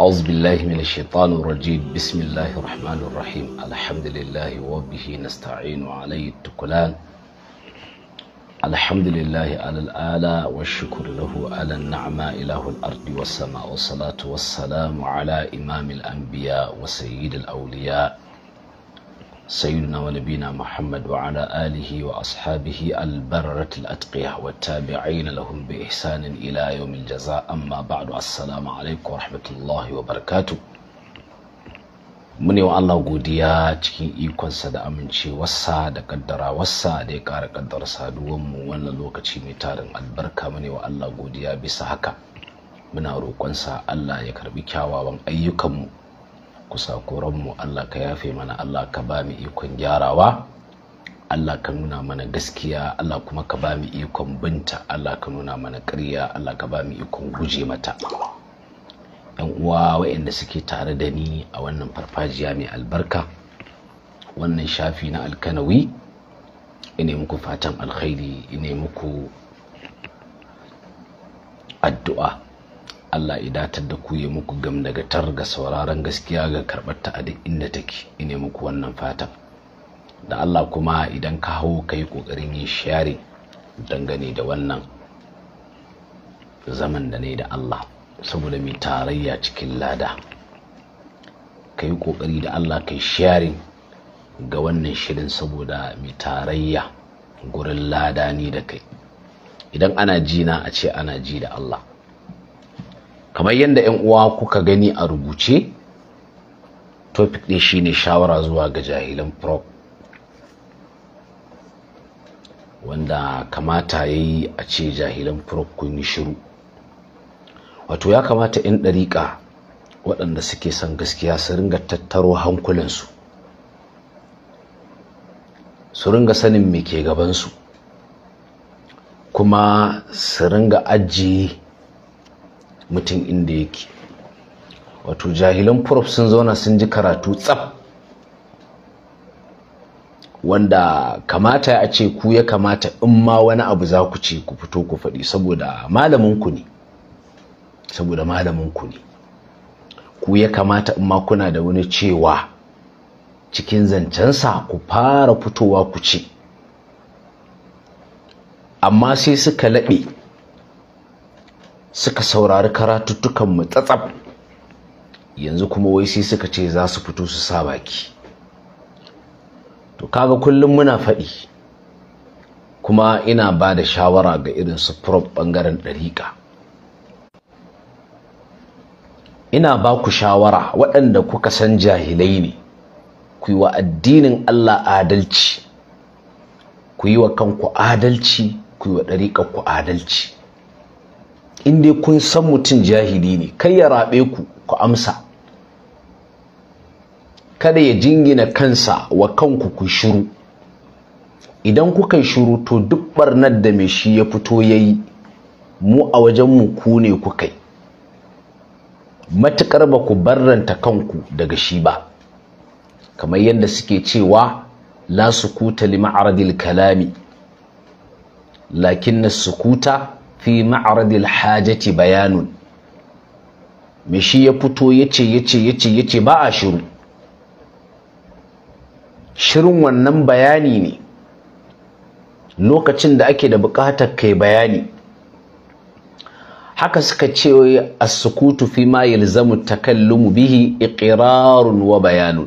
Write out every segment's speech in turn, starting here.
أعوذ بالله من الشيطان الرجيم بسم الله الرحمن الرحيم الحمد لله وبه نستعين وعليه التكلان الحمد لله على الآلاء والشكر له على النعمة إله الأرض والسماء والصلاة والسلام على إمام الأنبياء وسيد الأولياء سيدنا ونبينا محمد وعلى آله وأصحابه البررة الأتقياء والتابعين لهم بإحسان إلى يوم الجزاء أما بعد السلام عليكم ورحمة الله وبركاته mune wa Allah godiya cikin ikonsa da amincewarsa da wasa da ya ƙara kaddar saduwanmu wannan lokaci mai tarin albarka mune wa Allah godiya bisa haka muna roƙonsa Allah ya karbi kyawawan ayyukanmu mu Allah ka yafe mana Allah ka ba mu ikon gyarawa Allah ka nuna mana gaskiya Allah kuma ka ba mu ikon binta Allah ka nuna mana ƙarya Allah ka ba mu ikon guje mata yan uwa waɗanda suke tare da ni a wannan farfajiya mai albarka wannan shafi na alkanawi ina muku fatan alkhairi ina muku addu'a Allah ya datar da ku ya muku gam daga tar sauraron gaskiya ga karɓar ta a duk inda take ine muku wannan fatan da Allah kuma idan ka hau ka yi ƙoƙarin yin share dangane da wannan zaman da ne da Allah saboda mai tarayya cikin lada ka yi ƙoƙari da Allah ka yi ga wannan shirin saboda mai tarayya gurin lada ni da kai idan ana jina, a ce ana ji da Allah kamar yadda 'yan uwa kuka gani a rubuce topic ɗin shine shawara zuwa ga jahilan prop wanda kamata ya yi a ce jahilan prop kun yi shiru wato ya kamata 'yan ɗariƙa waɗanda suke son gaskiya su ringa tattaro hankulansu su ringa sanin me ke gabansu kuma su ringa ajiye mutum inda yake wato jahilan prof sun zauna sun ji karatu tsaf wanda kamata ya ce ku ya kamata in ma wani abu za ku ce ku fito ku faɗi saboda ku ne saboda malaminku ne ku ya kamata in ma kuna da wani cewa cikin zancensa ku fara fitowa ku ce amma sai suka laɓe suka saurari karatuttukan mu tsatsab yanzu kuma wai sai suka ce za su fito su sa baki to kaga kullum muna faɗi kuma ina ba da shawara ga irin su prop ɓangaren ɗariƙa ina ba ku shawara waɗanda kuka san jahilai ne ku yi wa addinin Allah adalci ku yi wa kanku adalci ku yi wa ɗariƙar ku adalci in dai kun san mutum jahili ne kai ya rabe ku ku amsa kada ya jingina kansa wa kanku ku shiru idan kuka yi shiru to duk barnar da mai shi ya fito yayi mu a wajenmu ku ne kukai, kai matuƙar ba ku barranta kanku daga shi ba kamar yadda suke cewa la sukuta li ma'aradil kalami lakin sukuta fi ma'aradil hajati bayanun me shi ya fito ya ce ya ce ya ce ba a shiru shirin wannan bayani ne lokacin da ake da buƙatar kai bayani haka suka ce as-sukutu fi ma yalzamu takallumu bihi iqrarun wa bayanun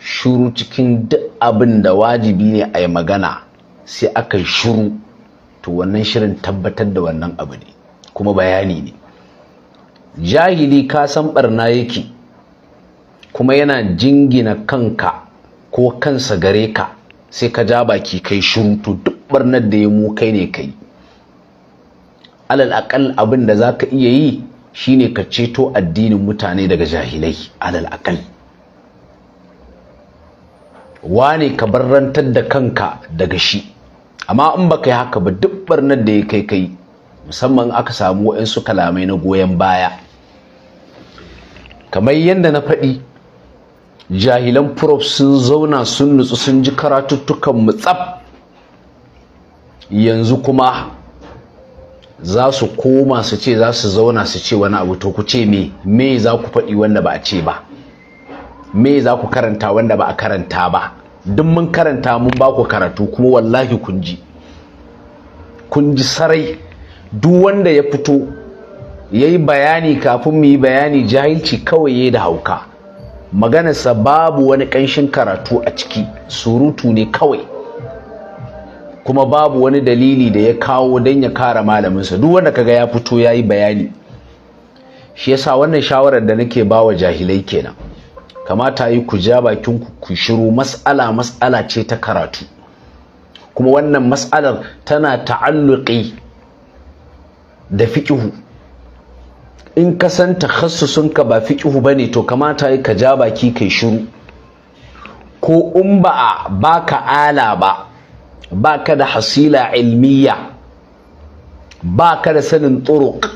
shuru cikin duk abin da wajibi ne a yi magana sai aka shuru to wannan shirin tabbatar da wannan abu ne kuma bayani ne jahili ka san barna yake kuma yana jingina kanka ko kansa gare ka sai ka ja baki kai shiru to duk barnar da ya mu kai ne kai alal akal abin da za ka iya yi shine ka ceto addinin mutane daga jahilai alal akal wane ka barrantar da kanka daga shi amma in baka yi haka ba duk barnar da ya kai kai musamman aka samu waɗansu kalamai na goyon baya kamar yadda na faɗi jahilan prof sun zauna sun nutsu sun ji karatuttukan mu tsaf yanzu kuma za su koma su ce za su zauna su ce wani abu to ku ce me me za ku faɗi wanda ba a ce ba me za ku karanta wanda ba a karanta ba duk mun karanta mun ba ku karatu kuma wallahi kun ji kun ji sarai duk wanda ya fito ya yi bayani kafin mu yi bayani jahilci kawai ya da hauka maganarsa babu wani ƙanshin karatu a ciki surutu ne kawai kuma babu wani dalili da ya kawo don ya kara malaminsa duk wanda kaga ya fito ya yi bayani shi yasa wannan shawarar da nake bawa jahilai kenan kamata yi ku ja bakin ku ku shiru mas'ala mas'ala ce ta karatu kuma wannan mas'alar tana ta'alluqi da fiqhu in ka san takhassusunka ba fiqhu bane to kamata yi ka ja baki kai shiru ko in ba baka ala ba baka da hasila ilmiya baka da sanin turuq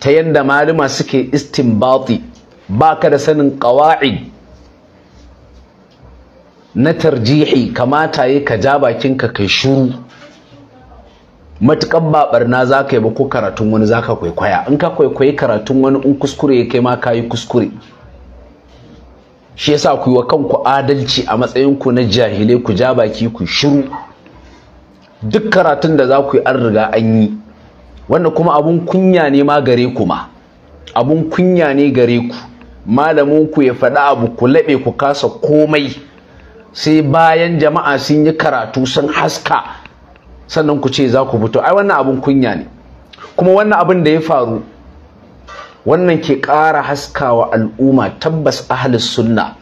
ta yanda malama suke istinbati baka da sanin ƙawa'id na tarjihi kamata yi ka ja bakinka kai shuru matukan babar na za ka yi ba ko karatun wani za ka kwaikwaya in ka kwaikwayi karatun wani in kuskure ya kai ma ka yi kuskure shi yasa ku yi wa kanku adalci a matsayinku na jahilai ku ja baki ku shiru duk karatun da za ku yi an riga an yi wanda kuma abun kunya ne ma gare ku ma abun kunya ne gare ku malamin ku ya faɗi abu ku laɓe ku kasa komai sai bayan jama'a sun yi karatu sun haska sannan ku ce za ku fito ai wannan abun kunya ne kuma wannan abun da ya faru wannan ke ƙara haskawa al'umma tabbas ahlus sunna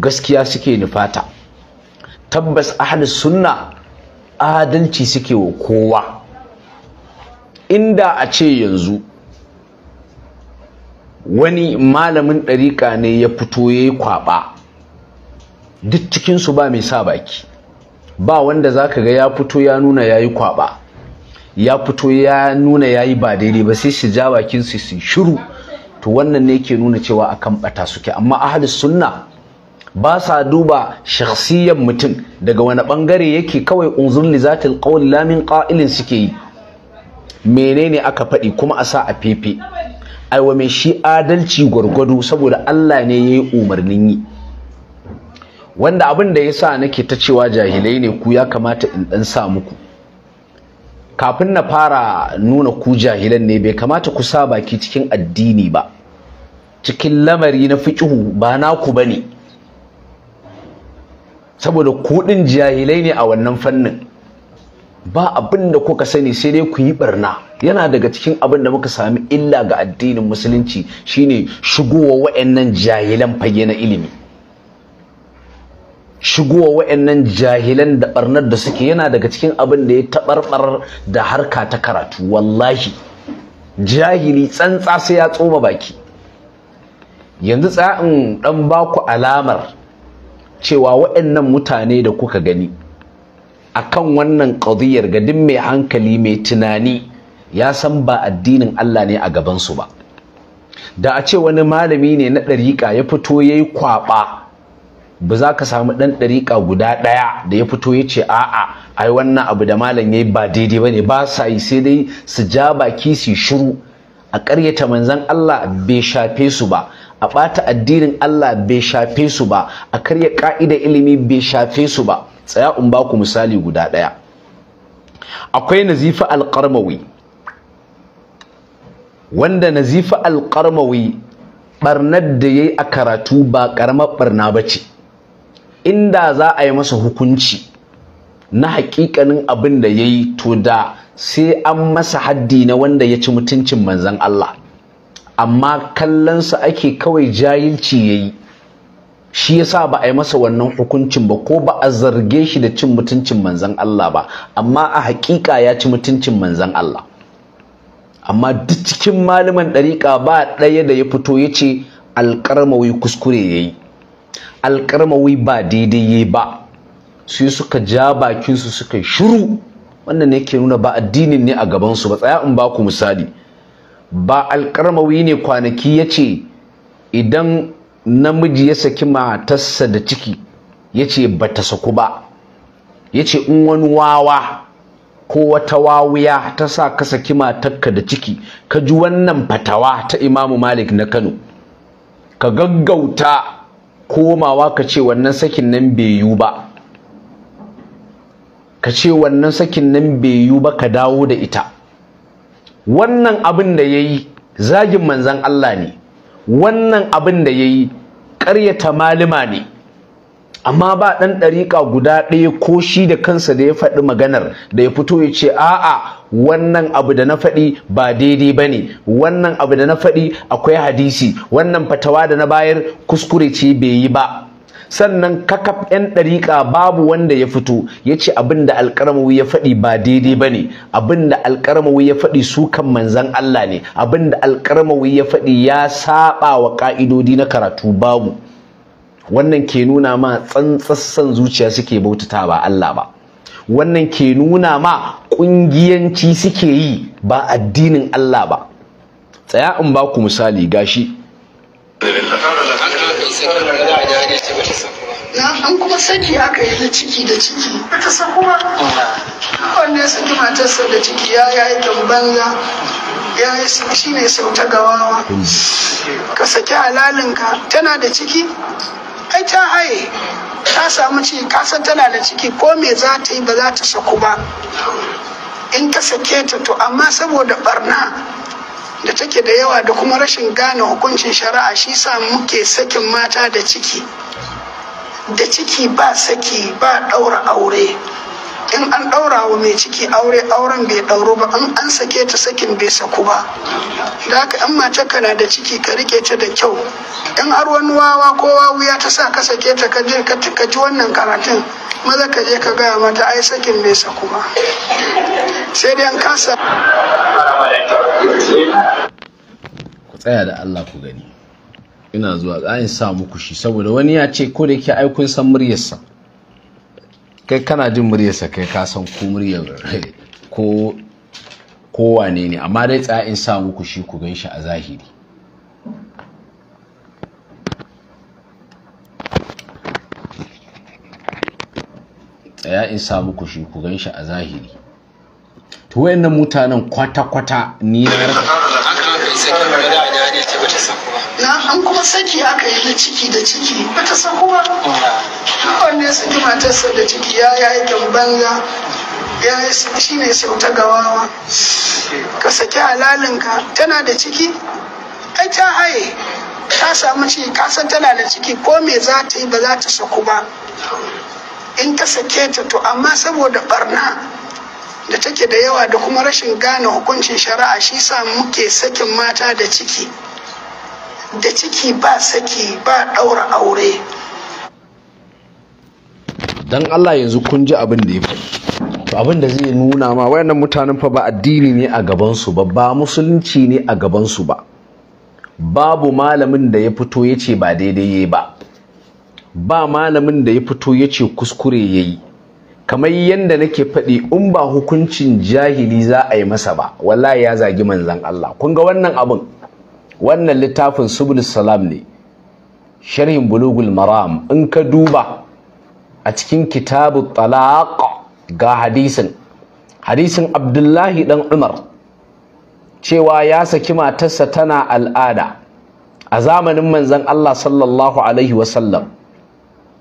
gaskiya suke nufata tabbas ahlus sunna adalci suke wa kowa inda a ce yanzu wani malamin ɗariƙa ne ya fito ya yi kwaɓa duk cikinsu ba mai sa baki ba wanda za ka ga ya fito ya nuna ya yi kwaɓa ya fito ya nuna ya yi ba daidai ba sai su ja bakinsu su shiru to wannan ne ke nuna cewa a kan ɓata suke amma ahalus sunna ba sa duba shakhsiyan mutum daga wani ɓangare yake kawai unzur li zatil qawl lamin qa'ilin suke yi menene aka faɗi kuma a sa a fefe aiwa mai shi adalci gwargwado saboda Allah ne ya yi umarnin yi wanda abin da ya sa nake ta cewa jahilai ne ku ya kamata in dan sa muku kafin na fara nuna ku jahilan ne bai kamata ku sa baki cikin addini ba cikin lamari na fiqhu ba naku ba ne saboda kuɗin jahilai ne a wannan fannin ba abin da kuka sani sai dai ku yi barna yana daga cikin abin da muka sami illa ga addinin musulunci shine shigowa wa'annan jahilan fage na ilimi shigowa wa'annan jahilan da barnar da suke yana daga cikin abin da ya taɓarɓarar da harka ta karatu wallahi jahili tsantsa sai ya tsoma baki yanzu tsa'in ɗan baku alamar cewa wa'annan mutane da kuka gani akan wannan ƙadiyar ga duk mai hankali mai tunani ya san ba addinin Allah ne a gabansu ba da a ce wani malami ne na ɗariƙa ya fito ya yi kwaɓa ba za ka samu ɗan ɗariƙa guda ɗaya da ya fito ya ce a'a ai wannan abu da malam ya yi ba daidai ba ne ba sa yi sai dai su ja baki su shiru a ƙaryata manzan Allah bai shafe su ba a ɓata addinin Allah bai shafe su ba a karya ƙa'idar ilimi bai shafe su ba tsaya in ba ku misali guda ɗaya akwai nazifa alƙarmawi wanda nazifa alƙarmawi ɓarnar da ya yi a karatu ba ƙaramar ɓarna ba ce inda za a yi masa hukunci na haƙiƙanin abin da ya yi to da sai an masa haddi na wanda ya ci mutuncin manzan Allah amma kallonsa ake kawai jahilci ya yi shi ya sa ba a yi masa wannan hukuncin ba ko ba a zarge shi da cin mutuncin manzan Allah ba amma a haƙiƙa ya ci mutuncin manzan Allah amma duk cikin malaman ɗariƙa ba ɗaya da ya fito ya ce alƙarmawi kuskure ya yi alƙarmawi ba daidai ya yi ba su suka ja bakinsu suka shiru wannan ne ke nuna ba addinin ne a gabansu ba tsaya in ba ku misali ba alƙarmawi ne kwanaki ya ce idan namiji ya saki matarsa da ciki ya ce ba ta saku ba ya ce in wani wawa ko wata wawuya ta sa ka saki matarka da ciki ka ji wannan fatawa ta imamu malik na kano ka gaggauta komawa ka ce wannan sakin nan bai yiwu ba ka ce wannan sakin nan bai yiwu ba ka dawo da ita wannan abin da ya yi zagin manzan Allah ne wannan abin da ya yi ƙaryata malima ne amma ba ɗan ɗariƙa guda ɗaya ko shi da kansa da ya faɗi maganar da ya fito ya ce a'a wannan abu da na faɗi ba daidai ba ne wannan abu da na faɗi akwai hadisi wannan fatawa da na bayar kuskure ce bai yi ba sannan kakaf 'yan ɗariƙa babu wanda ya fito ya ce abin da alƙaramawi ya faɗi ba daidai ba ne abin da alƙaramawi ya faɗi sukan manzan Allah ne abin da alƙaramawi ya faɗi ya saɓa wa ƙa'idodi na karatu babu wannan ke nuna ma tsantsassan zuciya suke bautata ba Allah ba wannan ke nuna ma ƙungiyanci suke yi ba addinin Allah ba tsaya in ba ku misali gashi an kuma sani aka yi na ciki da ciki ta sakuwa wanda ya saki matarsa da ciki ya yi banza ya yi shi ne sau ta gawawa ka saki halalinka tana da ciki ai ta haye ta samu ciki kasan tana da ciki ko me za ta yi ba za ta saku ba in ka sake ta to amma saboda barna da take da yawa da kuma rashin gane hukuncin shari'a shi sa muke sakin mata da ciki da ciki ba saki ba ɗaura aure in an ɗaura wa mai ciki aure auren bai ɗauro ba in an sake ta sakin bai saku ba da haka in mace kana da ciki ka rike ta da kyau in har wani wawa ko wawuya ta sa ka sake ta ka je ka ji wannan karatun maza ka je ka gaya mata ai sakin bai saku ba sai dai an kasa ku tsaya da Allah ku gani ina zuwa ƙarin sa muku shi saboda wani ya ce ko da ke aikun san muryarsa kai kana jin muryarsa kai ka san ko muryar ko ne amma dai tsaya in sa muku shi ku gan shi a zahiri tsaya in sa muku shi ku gan shi a zahiri to wayannan mutanen kwata-kwata ni na rasa na an kuma saki aka yi na ciki da ciki bata sako ba wanda ya saki matarsa da ciki ya yi yi banza ya yi shi ne sau ta gawawa ka saki halalinka tana da ciki ai ta haye ta samu ciki kasan tana da ciki ko me za ta yi ba za ta saku ba in ta sake ta to amma saboda barna da take da yawa da kuma rashin gane hukuncin shari'a shi sa muke sakin mata da ciki da ciki ba saki ba daura aure dan Allah yanzu kun ji abin da ya to abin da zai nuna ma wayannan mutanen fa ba addini ne a gaban su ba ba musulunci ne a gaban su ba babu malamin da ya fito ya ce ba daidai yayi ba ba malamin da ya fito ya ce kuskure yayi kamar yadda nake faɗi in ba hukuncin jahili za a yi masa ba wallahi ya zagi manzon Allah kun ga wannan abin wannan littafin subul salam ne sharhin bulugul maram in ka duba a cikin kitabu talaq ga hadisin hadisin abdullahi dan umar cewa ya saki matarsa tana al'ada a zamanin manzon Allah sallallahu alaihi wasallam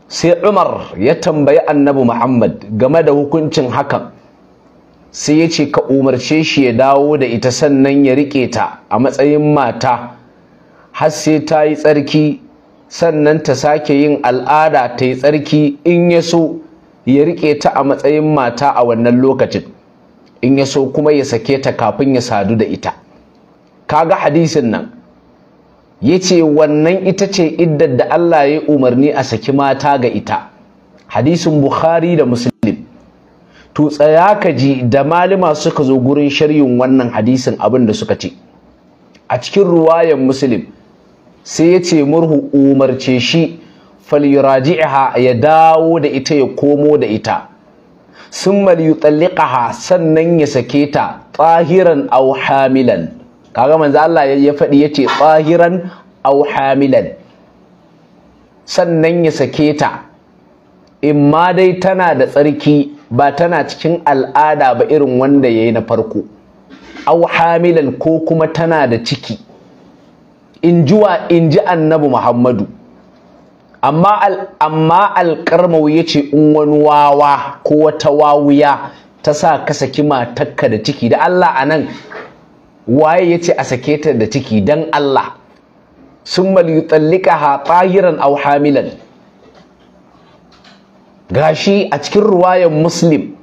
sai umar ya tambayi annabi muhammad game da hukuncin hakan sai ya ce ka umarce shi ya dawo da ita sannan ya riƙe ta a matsayin mata har sai ta yi tsarki sannan ta sake yin al'ada ta yi tsarki in ya so ya riƙe ta a matsayin mata a wannan lokacin in ya so kuma ya sake ta kafin ya sadu da ita kaga hadisin nan ya ce wannan ita ce iddar da Allah ya umarni a saki mata ga ita hadisin Bukhari da Muslim to tsaya ka ji da malama suka zo gurin sharhin wannan hadisin abin da suka ce a cikin ruwayan muslim sai ya ce murhu umarce shi falyuraji'aha ya dawo da ita ya komo da ita summa liyutalliqaha sannan ya sake ta tsahiran au hamilan kaga manzo Allah ya faɗi yace tsahiran au hamilan sannan ya sake ta imma dai tana da tsarki ba tana cikin al'ada ba irin wanda yayi na farko aw hamilan ko kuma tana da ciki in jiwa in ji annabi Muhammadu amma alƙarmau ya ce in wani wawa ko wata wawuya ta sa ka saki matarka da ciki da Allah a nan. waye ya ce a sake ta da ciki don Allah Sun tsallika ha tsahiran aw hamilan gashi a cikin ruwayan muslim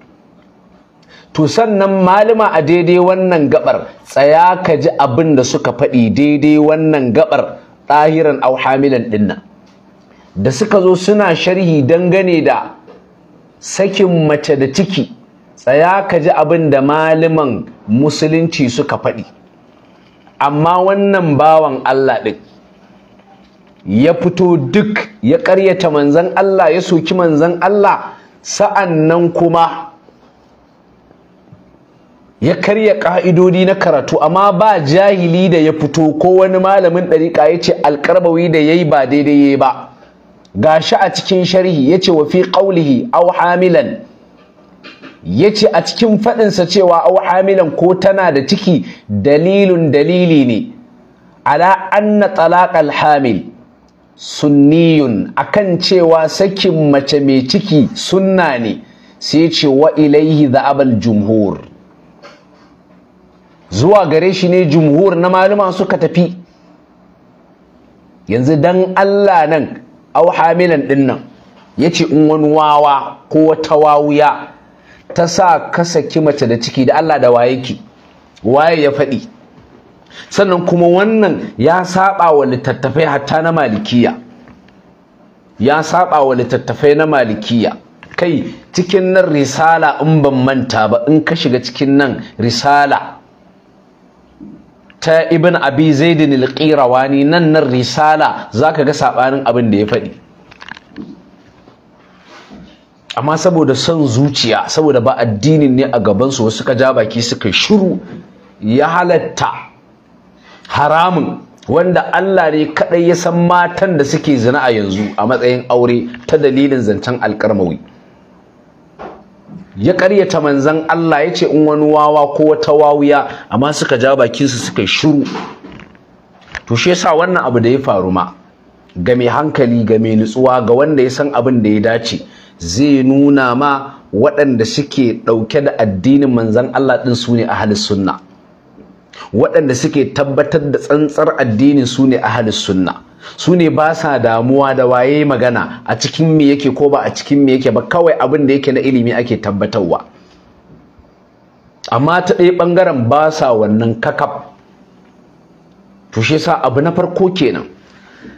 to sannan malama a daidai wannan gabar tsaya ka ji abin da suka faɗi daidai wannan gabar ɗahiran au hamilan ɗinnan da suka zo suna sharhi dangane da sakin mace da ciki tsaya ka ji abin da malaman musulunci suka faɗi amma wannan bawan Allah ɗin ya fito duk ya ƙaryata manzan Allah ya soki manzan Allah Sa'an nan kuma ya karya ƙa'idodi na karatu amma ba jahili da ya fito ko wani malamin ɗariƙa ya ce alƙarbawi da ya yi ba daidai ya yi ba shi a cikin sharhi ya ce wa fi ƙaulihi au hamilan ya ce a cikin faɗinsa cewa au hamilan ko tana da ciki dalilin dalili ne ala anna talaqal hamil sunniyun akan cewa sakin mace mai ciki sunna ne sai ce wa ilaihi abal jumhur zuwa gare shi ne jumhur na maluma suka tafi yanzu dan Allah nan au hamilan din nan ce in wani wawa ko wata wawuya ta sa ka saki mace da ciki da Allah da waye ki waye ya faɗi sannan kuma wannan ya saba wa littattafai hatta na malikiya ya saba wa littattafai na malikiya kai cikin nan risala in ban manta ba in ka shiga cikin nan risala ta ibn abi zaidin al-qirawani nan nan risala zaka ga sabanin abin da ya faɗi amma saboda son zuciya saboda ba addinin ne a gabansu wasu ka ja baki suka shiru ya halatta haramun wanda Allah ne kadai ya san matan da suke zina a yanzu a matsayin aure ta dalilin zancen alƙarmawi ya ƙaryata manzan Allah ya ce in wani wawa ko wata wawuya amma suka ja bakin su suka shiru to shi yasa wannan abu da ya faru ma ga mai hankali ga mai nutsuwa ga wanda ya san abin da ya dace zai nuna ma waɗanda suke ɗauke da addinin manzan Allah ɗin su ne a halin sunna waɗanda suke tabbatar da tsantsar addinin su ne ahalus sunna su ne ba sa damuwa da waye magana a cikin me yake ko ba a cikin me yake ba kawai abin da yake na ilimi ake tabbatarwa amma ta ɗaya ɓangaren ba sa wannan kakaf to shi sa abu na farko kenan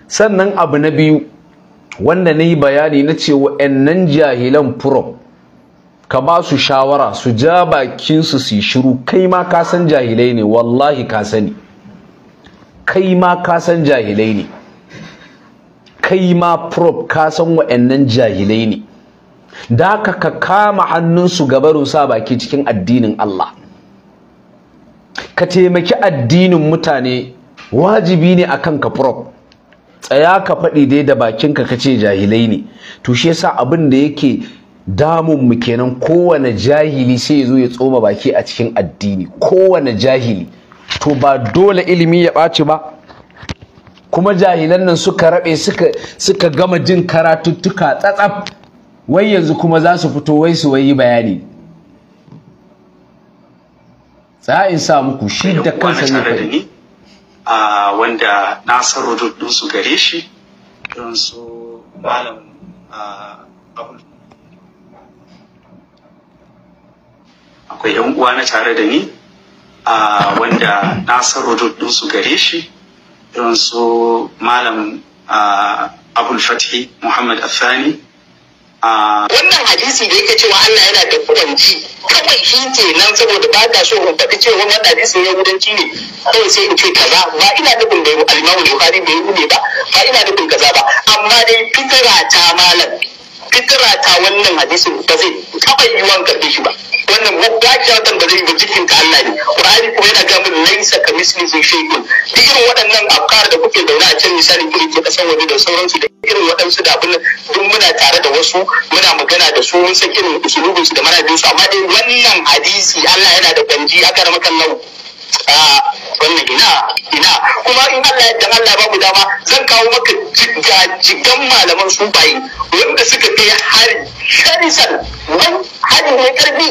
sannan abu na biyu wanda na yi bayani na cewa ce nan jahilan furof ka ba su shawara su ja bakinsu su yi shiru kai ma ka san jahilai ne wallahi ka sani kai ma ka san jahilai ne kai ma prop ka san wa'annan jahilai ne da haka ka kama hannunsu gaba sa baki cikin addinin Allah ka taimaki addinin mutane wajibi ne a kanka prop tsaya ka faɗi dai da bakinka ka ce jahilai ne to shi yasa abin da yake damun mu kenan kowane jahili sai ya zo ya tsoma baki a cikin addini kowane jahili to ba dole ilimi ya ɓaci ba kuma jahilan nan suka raɓe suka gama jin karatuttuka tsatsaf wai yanzu kuma za su fito wai su wayi bayani za in sa muku shi da kansa ne kai wanda na san su gare shi don su malam abul akwai yan uwa na tare da ni a wanda na san su gare shi irin su malam abul fatih muhammad wannan hadisi da yake cewa Allah yana da kudanci kawai shi ke nan saboda ba ta so in faɗi cewa wannan hadisi ya kudanci ne kawai sai in ce kaza ba ina nufin da al Bukhari bai yi ne ba ba ina nufin kaza ba amma dai fitira ta malam fitira ta wannan hadisin ba zai taɓa yi wa karbe shi ba wannan watan ba zai yi ba jikin ka Allah ne kur'ani kuma yana ga mun laisa ka mislihi shay'un duk irin waɗannan afkar da kuke zaune a can misali kuri ke kasan waje da sauransu da irin waɗansu da abin duk muna tare da wasu muna magana da su mun san irin usulubinsu da manajinsu amma dai wannan hadisi Allah yana da banji aka ramakan lau wannan ina ina kuma in Allah ya Allah ba ku dama zan kawo maka jigan malaman sufayi wanda suka kai hari sharisan wani hari mai karfi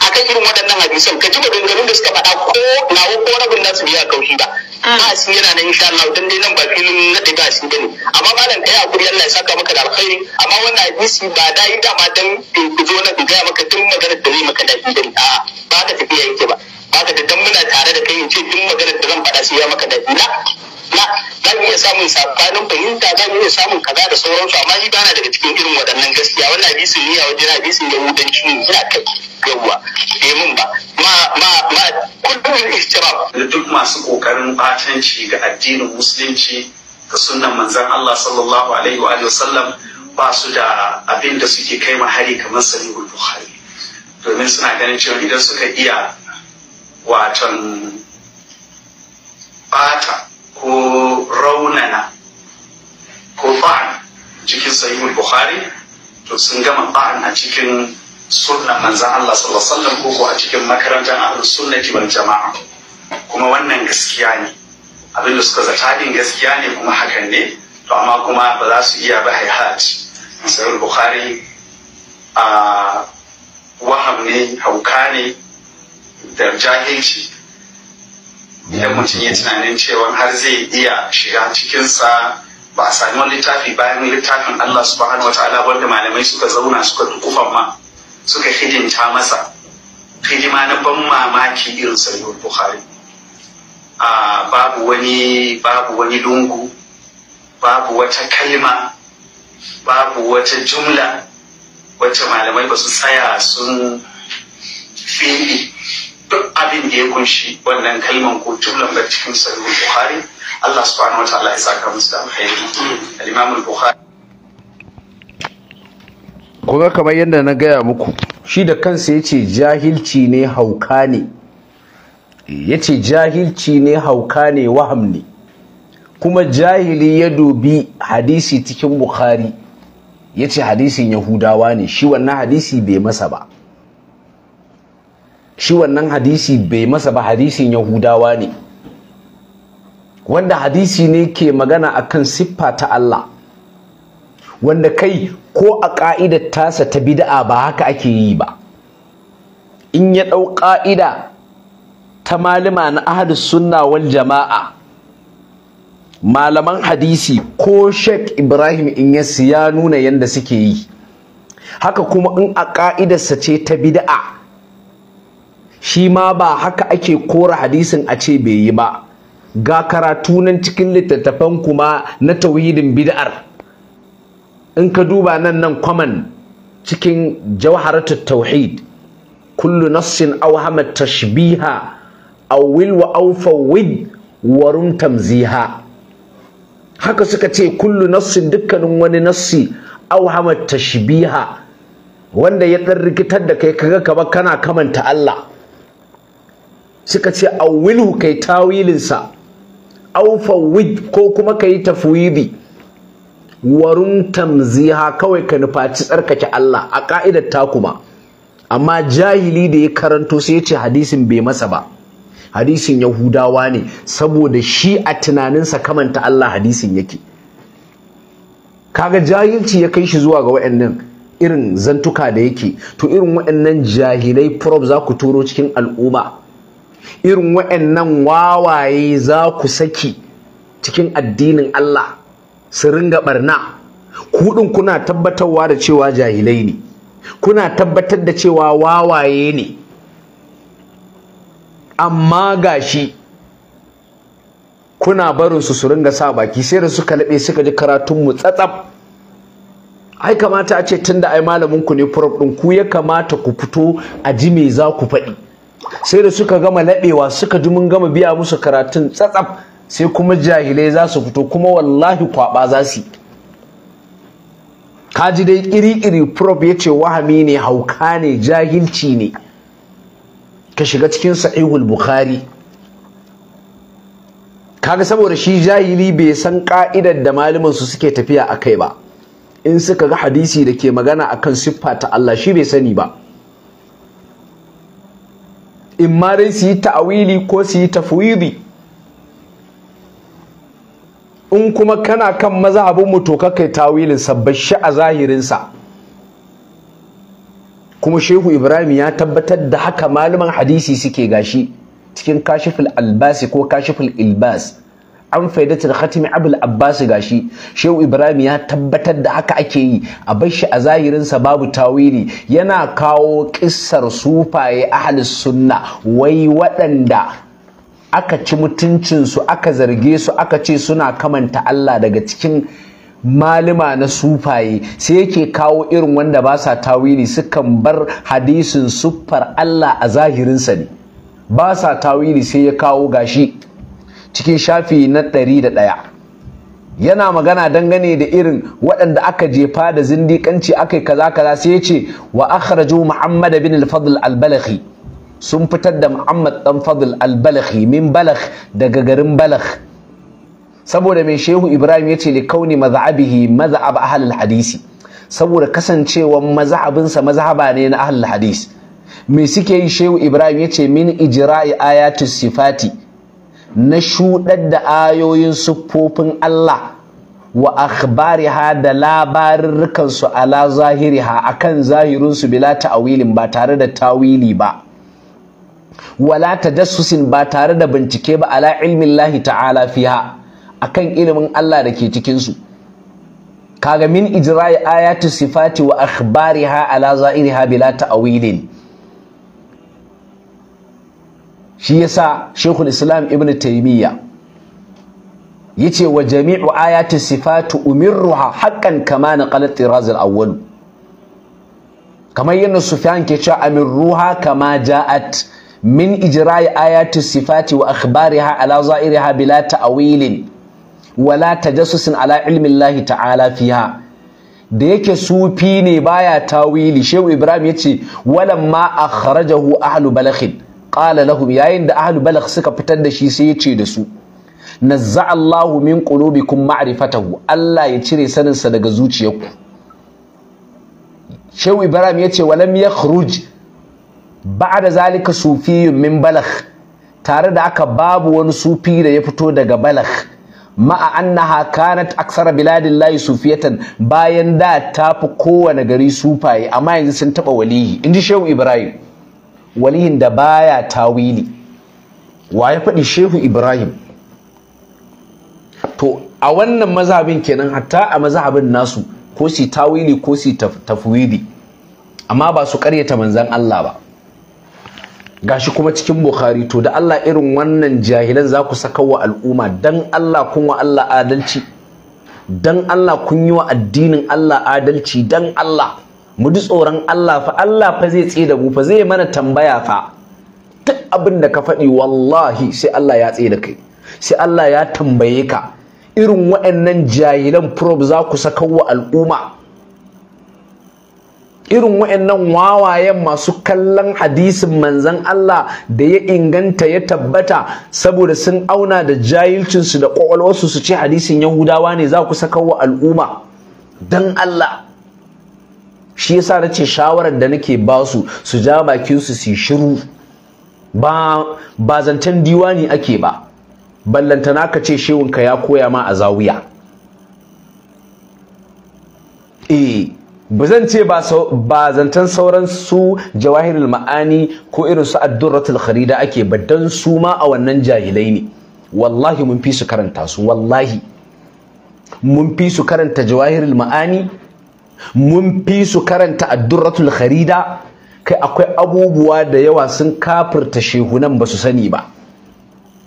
akan irin waɗannan hadisan ka ji maganganun da suka faɗa ko nawa ko rabin nasu biya kaushi ba ba yana nan insha Allah dan dai nan ba filin na ba shi bane amma malam kai hakuri Allah ya saka maka da alkhairi amma wannan hadisi ba da yi dama dan ku zo na ga maka tun magana da zai maka da shi bane a ba ka tafiya yake ba ba ka da dan muna tare da kai in ce tun magana da zan faɗa shi ya maka da na na zan iya samun sabanin fahimta zan iya samun kaza da sauransu amma shi bana daga cikin irin waɗannan gaskiya wannan hadisi ne a wajen hadisin yahudanci ne ina kai yawwa bai mun ba ma ma ma kullum istibab da duk masu kokarin batanci ga addinin musulunci da sunnan manzon Allah sallallahu alaihi wa sallam ba su da abin da suke kai ma hari kamar sahihul bukhari domin suna ganin cewa idan suka iya watan bata ko raunana ko ba'an cikin sahihul bukhari to sun gama ba'an a cikin sunnan manzan Allah sallallahu alaihi ko ko a cikin makarantar ahlus sunnati wal jama'a kuma wannan gaskiya ne abin da suka zata din gaskiya ne kuma hakan ne to amma kuma ba za su iya ba haihat sahih bukhari a waham ne hauka ne da jahilci idan mutum ya tunanin cewa har zai iya shiga cikinsa ba a sami wani littafi bayan littafin Allah subhanahu wa wanda malamai suka zauna suka dukufan ma suka hidimta masa hidima na ban mamaki irin sahihul bukhari a babu wani babu wani lungu babu wata kalma babu wata jumla wacce malamai ba su tsaya sun fili duk abin da ya kunshi wannan kalman ko jumlan ba cikin sahihul bukhari Allah subhanahu wa ta'ala ya saka musu da alkhairi al-imam al-bukhari kuma kamar yadda na gaya muku shi da kansa ya ce jahilci ne hauka ne ya ce jahilci ne hauka ne waham ne kuma jahili ya dobi hadisi cikin bukhari ya ce hadisin yahudawa ne shi wannan hadisi bai masa ba shi wannan hadisi bai masa ba hadisin yahudawa ne wanda hadisi ne ke magana akan siffa ta Allah wanda kai ko a ƙa'idar tasa ta bid'a ba haka ake yi ba in ya ɗau ƙa'ida ta malama na ahadu sunna wal jama'a malaman hadisi ko shek ibrahim in ya siya nuna yadda suke yi haka kuma in a ƙa'idarsa ce ta bid'a shi ma ba haka ake kora hadisin a ce bai yi ba ga karatu nan cikin littattafan kuma na tauhidin bid'ar in ka duba nan nan kwaman cikin jawharatu tauhid kullu nassin hama tashbiha aw wil wa aw fawid wa rum tamziha haka suka ce kullu nassin dukkanin wani nassi hama tashbiha wanda ya dan rikitar da kai kaga kaba kana kamanta Allah suka ce wilu kai tawilinsa aw fawid ko kuma kai tafwidi warum tamziha kawai ka nufaci tsarkake Allah a ka'idar takuma amma jahili da ya karanto sai ya ce hadisin bai masa ba hadisin yahudawa ne saboda shi a tunaninsa kamanta Allah hadisin yake kaga jahilci ya kai shi zuwa ga wa'annan irin zantuka da yake to irin waɗannan jahilai prof za ku turo cikin al'umma irin wa'annan wawaye za ku saki cikin addinin Allah su ringa barna ku kuna tabbatarwa da cewa jahilai ne kuna tabbatar da cewa wawaye ne amma gashi kuna barin su su ringa sa baki sai da suka laɓe suka ji karatun mu tsatsab ai kamata a ce tunda ai malamin ku ne prof din ku ya kamata ku fito a ji me za ku faɗi sai da suka gama laɓewa suka ji mun gama biya musu karatun tsatsab sai kuma jahilai za su fito kuma wallahi kwaba za su kaji dai kiri-kiri prof ya ce wahami ne hauka ne jahilci ne ka shiga cikin sa'ihul bukhari kaga saboda shi jahili bai san ka'idar da malumin su suke tafiya a kai ba in suka ga hadisi da ke magana akan siffa ta Allah shi bai sani ba in ma dai su yi ta'awili ko su yi tafwidi in kuma kana kan maza mazhabinmu to kakai tawilin sabbashi a zahirinsa kuma shehu ibrahim ya tabbatar da haka malaman hadisi suke gashi cikin kashiful albasi ko kashiful ilbas an faidatul khatimi abul abbas gashi shehu ibrahim ya tabbatar da haka ake yi a bar shi a zahirinsa babu tawili yana kawo kissar sufaye ahlus sunna wai waɗanda aka ci mutuncinsu aka zarge su aka ce suna kamanta Allah daga cikin malima na sufaye sai yake kawo irin wanda ba sa tawili sukan bar hadisin sufar Allah a zahirinsa ne ba sa tawili sai ya kawo gashi cikin shafi na ɗari da ɗaya yana magana dangane da irin waɗanda aka jefa da zindiƙanci aka yi kaza kaza sai ya ce wa akhraju muhammad bin al-fadl al balaghi sun fitar da Muhammad dan Fadl al-Balakhi min Balakh daga garin Balakh saboda mai Shehu Ibrahim yace li kauni mazhabihi mazhab ahlul hadisi saboda kasancewan mazhabinsa mazhaba ne na ahlul hadisi me suke yi Shehu Ibrahim yace min ijra'i ayatu sifati na shuɗar da ayoyin siffofin Allah wa akhbariha da su ala zahiriha akan zahirinsu bila ta'awilin ba tare da tawili ba wala tajassusin ba tare da bincike ba ala ilmin lahi ta'ala fiha akan ilimin Allah da ke cikin su kaga min ijra'i ayati sifati wa akhbariha ala za'iriha bila ta'awilin shi yasa shekul Islam Ibn Ya yace wa jami'u ayati sifatu umirruha haqqan kama naqala tiraz al-awwal kamar yadda Sufyan ke cewa ruha kama ja'at min ijra'i ayati sifati wa akhbariha ala za'iriha bila ta'wilin wala tajassusin ala ilmi Allah ta'ala fiha da yake sufi ne baya tawili shehu ibrahim yace walamma akhrajahu ahlu balakin. qala lahum yayin da ahlu balagh suka fitar da shi sai yace da su nazza Allahu min qulubikum ma'rifatahu Allah ya cire saninsa daga zuciyarku shehu ibrahim yace walam yakhruj da zalika sufiyun min balagh tare da aka babu wani sufi da ya fito daga balagh ma'a annaha kanat aksara biladin sufiyatan bayan da ta fi kowane gari sufaye amma yanzu sun taɓa waliyi Inji shehu ibrahim waliyin da baya tawili wa ya faɗi shehu ibrahim to a wannan mazhabin kenan hatta a mazhabin nasu ko si tawili ko si tafwidi amma ba su ƙaryata manzon allah ba gashi kuma cikin bukhari to da Allah irin wannan jahilan za ku saka wa al'umma dan Allah kun wa Allah adalci dan Allah kun yi wa addinin Allah adalci dan Allah mu ji tsoron Allah fa Allah fa zai tsaye da mu fa zai mana tambaya fa duk abin da ka faɗi wallahi sai Allah ya tsaye kai sai Allah ya tambaye ka irin waɗannan jahilan probe za ku saka wa al'umma irin wa'annan wawayen masu kallon hadisin manzan Allah da ya inganta ya tabbata saboda sun auna da jahilcinsu da ƙwaƙwalwarsu su ce hadisin yahudawa ne za ku saka wa al'umma don Allah shi yasa na ce shawarar da nake ba su su ja bakinsu su su shiru ba ba diwa ne ake ba ballanta ka ce shewunka ya koya ma a zawiya eh ba zan ce ba zantan sauran su jawahirul ma'ani ko irin su addurratul kharida ake ba dan su ma a wannan jahilai ne wallahi mun fi su karanta su wallahi mun fi su karanta jawahirul ma'ani mun fi su karanta addurratul kharida kai akwai abubuwa da yawa sun kafirta shehunan ba su sani ba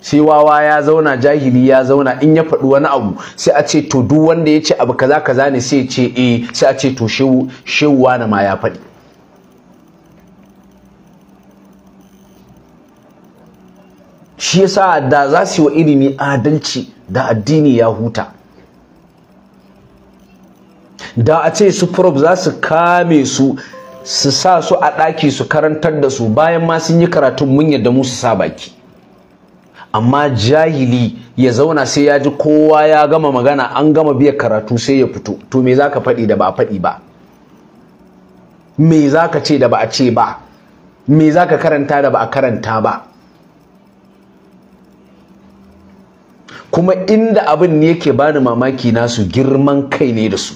sai wawa ya zauna jahili ya zauna in ya faɗi wani abu sai a ce to duk wanda ya ce abu kaza kaza ne sai ya ce eh sai a ce to shehu shehu ma ya faɗi shi yasa da za su yi wa ilimi adalci da addini ya huta da a ce su prof za su kame su su sa su a ɗaki su karantar da su bayan ma sun yi karatun mun yadda mu su sa baki amma jahili ya zauna sai ya ji kowa ya gama magana an gama biya karatu sai ya fito to me za ka faɗi da ba a faɗi ba me za ka ce da ba a ce ba me za ka karanta da ba a karanta ba kuma inda abin ne yake bani mamaki nasu girman kai ne da su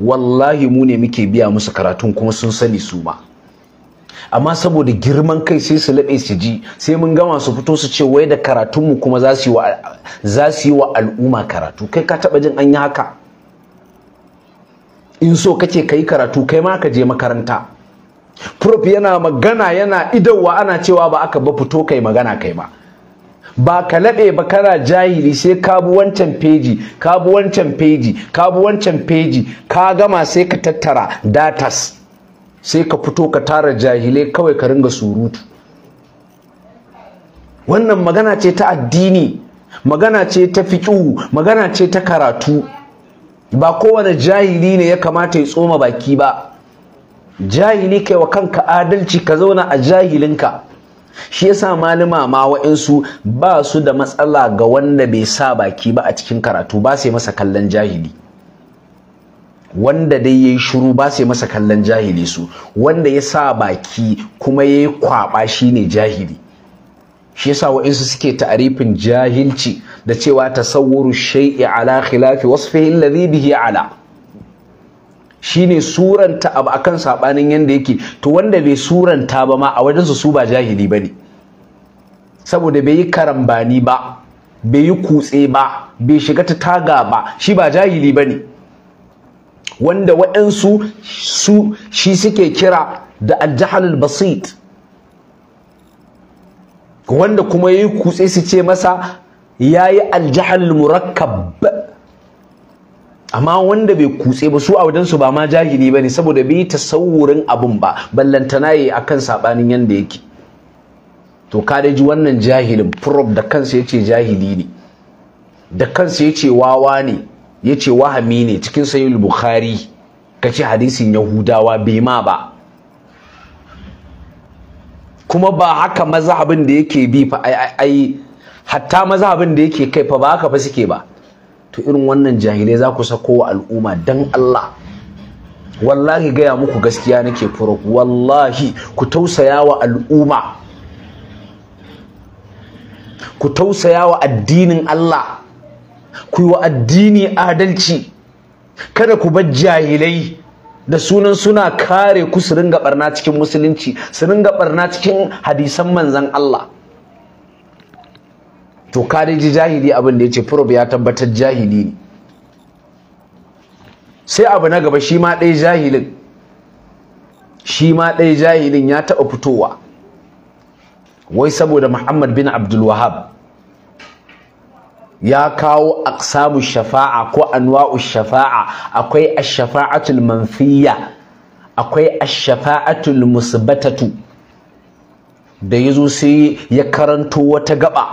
wallahi mu ne muke biya musu karatun kuma sun sani su ma amma saboda girman kai sai su laɓe su ji sai mun gama su fito su ce wai da karatunmu kuma za su yi wa al'umma karatu kai ka taɓa jin an yi haka in so kake ka yi karatu kai ma ka je makaranta prof yana magana yana idowa ana cewa ba aka ba fito kai magana kai ma ba ka laɓe ba kana jahili sai ka bi wancan feji ka bi wancan feji ka bi wancan feji ka gama sai ka tattara datas sai ka fito ka tara jahilai kawai ka ringa surutu wannan magana ce ta addini magana ce ta fiƙi magana ce ta karatu ba kowane jahili ne ya kamata ya tsoma baki ba jahili kai wa kanka adalci ka zauna a jahilinka shi yasa malama ma wa'insu ba su da matsala ga wanda bai sa baki ba a cikin karatu ba sai masa kallon jahili wanda dai yayi shiru ba sai masa kallon jahili su wanda ya sa baki kuma ya yayi kwaba shine jahili shi yasa wa'insu suke ta'arifin jahilci da cewa ta sauwuru shai'i ala khilafi wasu alladhi bihi ala shine suranta abu akan sabanin yanda yake to wanda bai suranta ba ma a wajensu su ba jahili bane saboda bai yi karambani ba bai yi kutse ba bai shiga ta taga ba shi ba jahili bane wanda waɗansu su shi suke kira da aljahalul basit wanda kuma ya yi kutse su ce masa ya yi aljahalul murakkab amma wanda bai kutse ba su a ba ma jahili ba ne, saboda bai tasawurin abun ba ballantana a kan saɓanin yadda yake to ka ji wannan jahilin prob da kansa ce jahili ne da kansa ce wawa ne ya ce wahami ne cikin sayul bukhari kace hadisin yahudawa bai ma ba kuma ba haka mazhabin da yake bi fa ai ai hatta mazhabin da yake kai fa ba haka fa suke ba to irin wannan jahilai za ku sako wa al'umma dan Allah wallahi gaya muku gaskiya nake furo wallahi ku tausaya wa al'umma ku tausaya wa addinin Allah ku yi wa addini adalci kada ku bar jahilai da sunan suna kare ku su ringa barna cikin musulunci su ringa barna cikin hadisan manzan Allah to ka ji jahili abin da yace Furob ya tabbatar jahili ne sai abu na gaba shi ma ɗaya jahilin shi ma ɗaya jahilin ya taɓa fitowa wai saboda Muhammad bin Abdul Wahab ya kawo aqsamu shafa'a ko anwa'u shafa'a akwai ash-shafa'atul manfiya akwai ash-shafa'atul musbatatu da yazo sai ya karanto wata gaba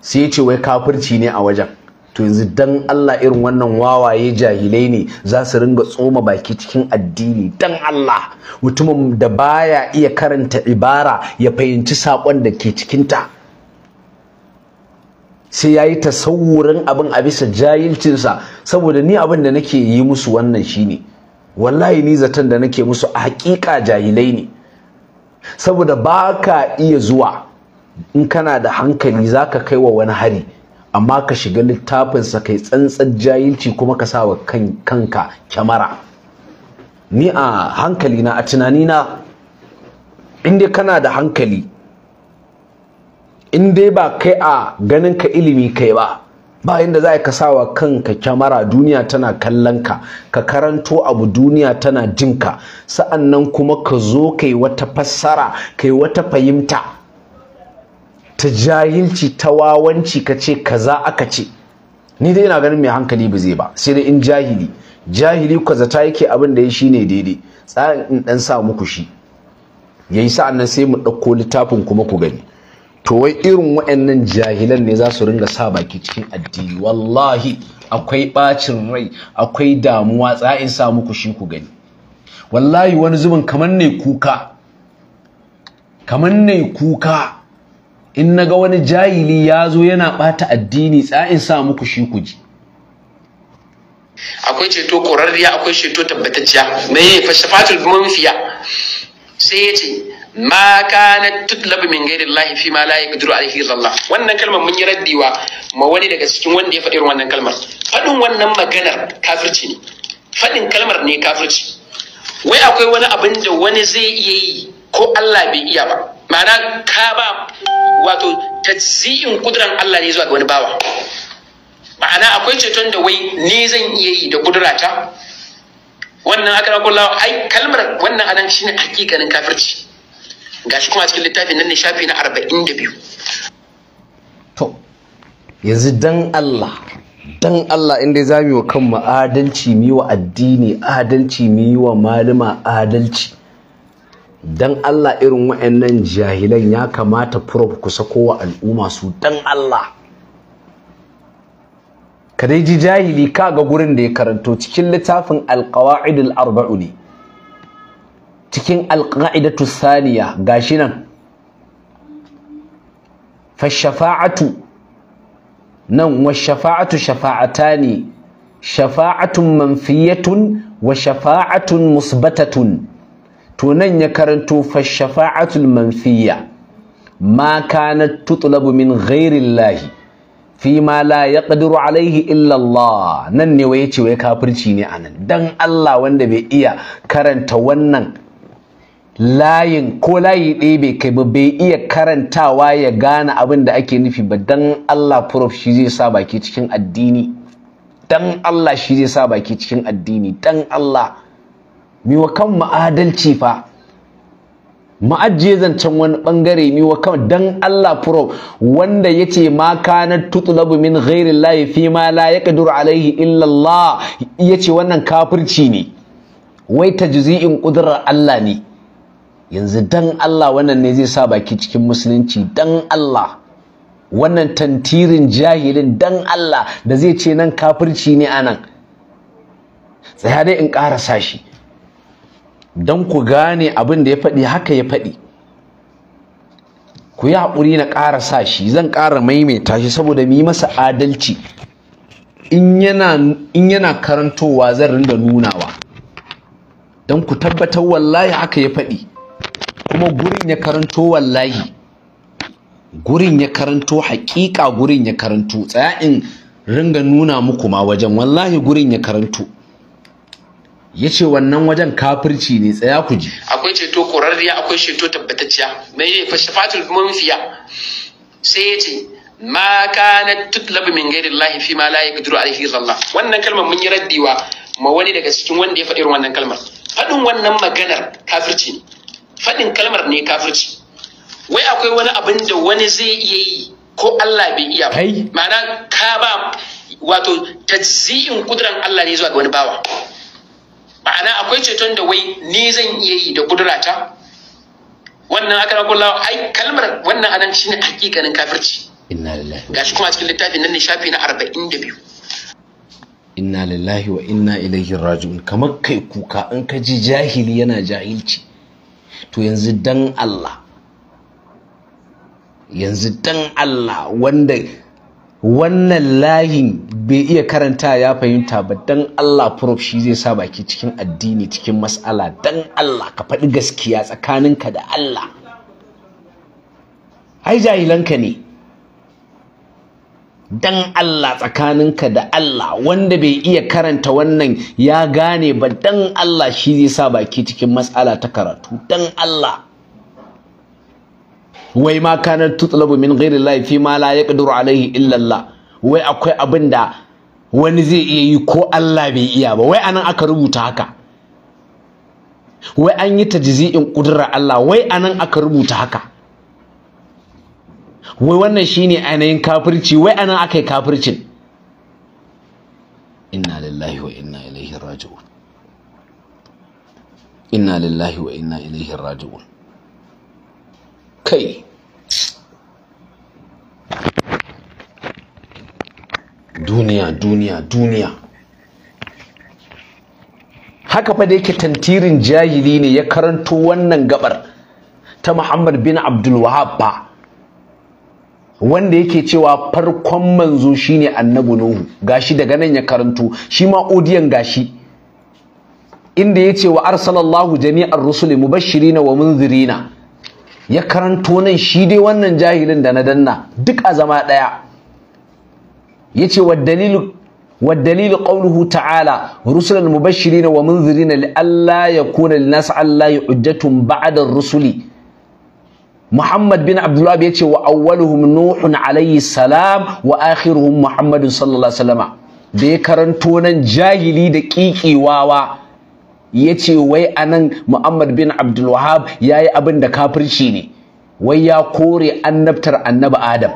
sai ya ce wai kafirci ne a wajen to yanzu dan Allah irin wannan wawaye jahilai ne za su ringa tsoma baki cikin addini dan Allah mutumin da baya iya karanta ibara ya fahimci saƙon da ke cikinta sai ya yi tasawurin abin a bisa jahilcinsa saboda ni abin da nake yi musu wannan shine wallahi ni zaton da nake musu a haƙiƙa jahilai ne saboda ba ka iya zuwa in kana da hankali za ka kai wa wani hari amma ka shiga littafinsa kai tsantsar jahilci kuma ka sa wa kanka kyamara ni a hankali a tunanina in dai kana da hankali in dai ba kai a ganin ka ilimi kai ba ba inda za ka sawa kanka kyamara duniya tana kallon ka ka karanto abu duniya tana jin ka sa'annan kuma ka zo kai wata fassara kai wata fahimta ta jahilci ta wawanci ka ce kaza aka ce ni dai ina ganin mai hankali ba zai ba sai dai in jahili jahili kwa zata yake abin da ya shine daidai tsarin in dan sa muku shi yayi sa'annan sai mu ɗauko littafin kuma ku gani to wai irin wa'annan jahilan ne za su ringa sa baki cikin addini wallahi akwai ɓacin rai akwai damuwa tsa'in sa muku shi ku gani wallahi wani zubin kamar ne kuka kamar ne kuka in naga wani jahili ya zo yana ɓata addini tsa'in sa muku shi ku ji akwai ceto korarriya akwai ceto tabbatacciya mai fashafatul mumfiya sai ya ce ma kana tutlab min ghairi Allah fi ma la yaqdiru alayhi Allah wannan kalmar mun yi raddiwa ma wani daga cikin wanda ya faɗi wannan kalmar faɗin wannan maganar kafirci ne faɗin kalmar ne kafirci wai akwai wani abin da wani zai iya yi ko Allah bai iya ba ma'ana ka ba wato tajzi'in kuduran Allah ne zuwa ga wani bawa ma'ana akwai ceton da wai ni zan iya yi da kudurata wannan aka rakulla ai kalmar wannan anan shine hakikanin kafirci gashi kuma cikin littafin nan ne shafi na biyu. to yanzu dan Allah dan Allah inda za mu yi wa kanmu adalci mu yi wa addini adalci mu yi wa malama adalci dan Allah irin wa'annan jahilan ya kamata prof kusa kowa al'umma su dan Allah ka dai ji jahili ka ga gurin da ya karanto cikin littafin alqawaid al-arba'u ne cikin alƙa'idatu saniya gashi nan fa shafa'atu nan wa shafa'atu shafa'atani shafa'atun manfiyatun wa shafa'atun musbatatun to nan ya karanto fa shafa'atul manfiya ma kanat tutlabu min ghairillahi fi ma la yaqdiru alaihi illa Allah nan ne waye ce wai kafirci ne anan dan Allah wanda bai iya karanta wannan layin ko layi ɗaya bai kai ba bai iya karantawa ya gane abin da ake nufi ba dan Allah prof shi zai sa baki cikin addini dan Allah shi zai sa baki cikin addini dan Allah miwa kan ma'adalci fa ma'ajiye zancen wani bangare miwa kan dan Allah prof wanda yace ma kana tutlabu min ghairi llahi fi ma la yaqdiru alaihi illa Allah yace wannan kafirci ne wai tajzi'in ƙudurar Allah ne yanzu dan Allah wannan ne zai sa baki cikin musulunci dan Allah wannan tantirin jahilin dan Allah da zai ce nan kafirci ne anan tsaya dai in ƙarasa shi don ku gane abin da ya faɗi haka ya faɗi ku yi haƙuri na ƙarasa shi zan ƙara maimaita shi saboda mu yi masa adalci in yana karantowa zan rinda nunawa don ku tabbatar wallahi haka ya faɗi kuma gurin ya karanto wallahi gurin ya karanto hakika gurin ya karanto tsaya in ringa nuna muku ma wajen wallahi gurin ya karanto ya ce wannan wajen kafirci ne tsaya ku ji akwai ceto korarriya akwai ceto tabbatacciya mai yi fashafatul mumfiya sai ya ce ma kana tutlabu min ghairi lahi fi ma la yaqdiru alayhi Allah wannan kalmar mun yi raddiwa ma wani daga cikin wanda ya faɗi irin wannan kalmar faɗin wannan maganar kafirci ne faɗin kalmar ne kafirci wai akwai wani abin da wani zai iya yi ko Allah bai iya ba ma'ana ka ba wato tajziyin kuduran Allah ne zuwa ga wani bawa ma'ana akwai ceton da wai ni zan iya yi da kudurata wannan aka rakon lawa ai kalmar wannan anan shine hakikanin kafirci inna lillahi kuma cikin littafin nan ne shafi na biyu. inna lillahi wa inna ilaihi raji'un kamar kai kuka An ka ji jahili yana jahilci to yanzu dan Allah yanzu dan Allah wanda wannan layin bai iya karanta ya fahimta ba dan Allah prof shi zai sa baki cikin addini cikin mas'ala dan Allah ka faɗi gaskiya tsakaninka da Allah ai jahilanka ne dan Allah tsakaninka da Allah wanda bai iya karanta wannan ya gane ba dan Allah shi zai sa baki cikin matsala ta karatu dan Allah wai ma kana tutlabu min ghairi Allah fi ma la yaqdiru alaihi illa Allah wai akwai abinda wani zai iya yi ko Allah bai iya ba wai anan aka rubuta haka wai an yi tajzi'in kudura Allah wai anan aka rubuta haka wai wannan shine ainihin kafirci wai anan aka yi kafircin inna lillahi wa inna ilaihi raji'un inna lillahi wa inna ilaihi raji'un kai duniya duniya duniya haka fa da yake tantirin jahili ne ya karanto wannan gabar ta Muhammad bin Abdul Wahhab ba wanda yake cewa farkon manzo shine annabi nuhu gashi daga nan ya karanto shi ma odiyan gashi inda yace wa arsalallahu jami'ar rusuli mubashirina wa munzirina ya karanto nan shi dai wannan jahilin da na danna duk a zama daya yace wa dalilu والدليل قوله تعالى رسلا مبشرين ومنذرين لئلا يكون للناس على الله حجة بعد rusuli Muhammad bin Abdullah ya ce wa awwaluhum Nuhun alayhi salam wa akhiruhum Muhammadun sallallahu alaihi wasallama da ya karanto nan jahili da kikiwawa ya ce wai anan Muhammad bin Abdul Wahab yayi abin da kafirci ne wai ya kore annabtar annabi Adam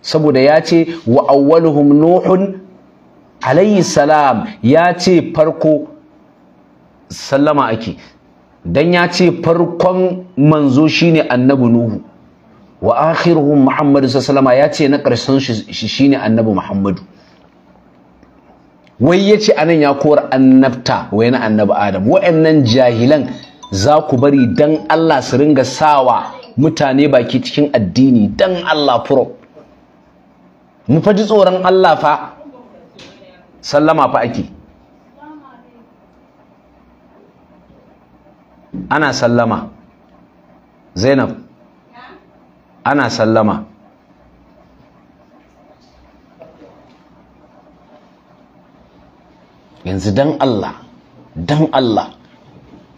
saboda ya ce wa awwaluhum Nuhun alayhi salam ya ce farko sallama ake dan ya ce farkon manzo shine annabi nuhu wa akhiruhu muhammadu sallama ya ce na ƙarshen shi shine annabi muhammadu wai ya ce anan ya kowar annabta wai na annabi adam wa'annan jahilan za ku bari dan Allah su ringa sawa mutane baki cikin addini dan Allah furo mu faji tsoron Allah fa sallama fa ake ana sallama zainab ana sallama yanzu dan Allah dan Allah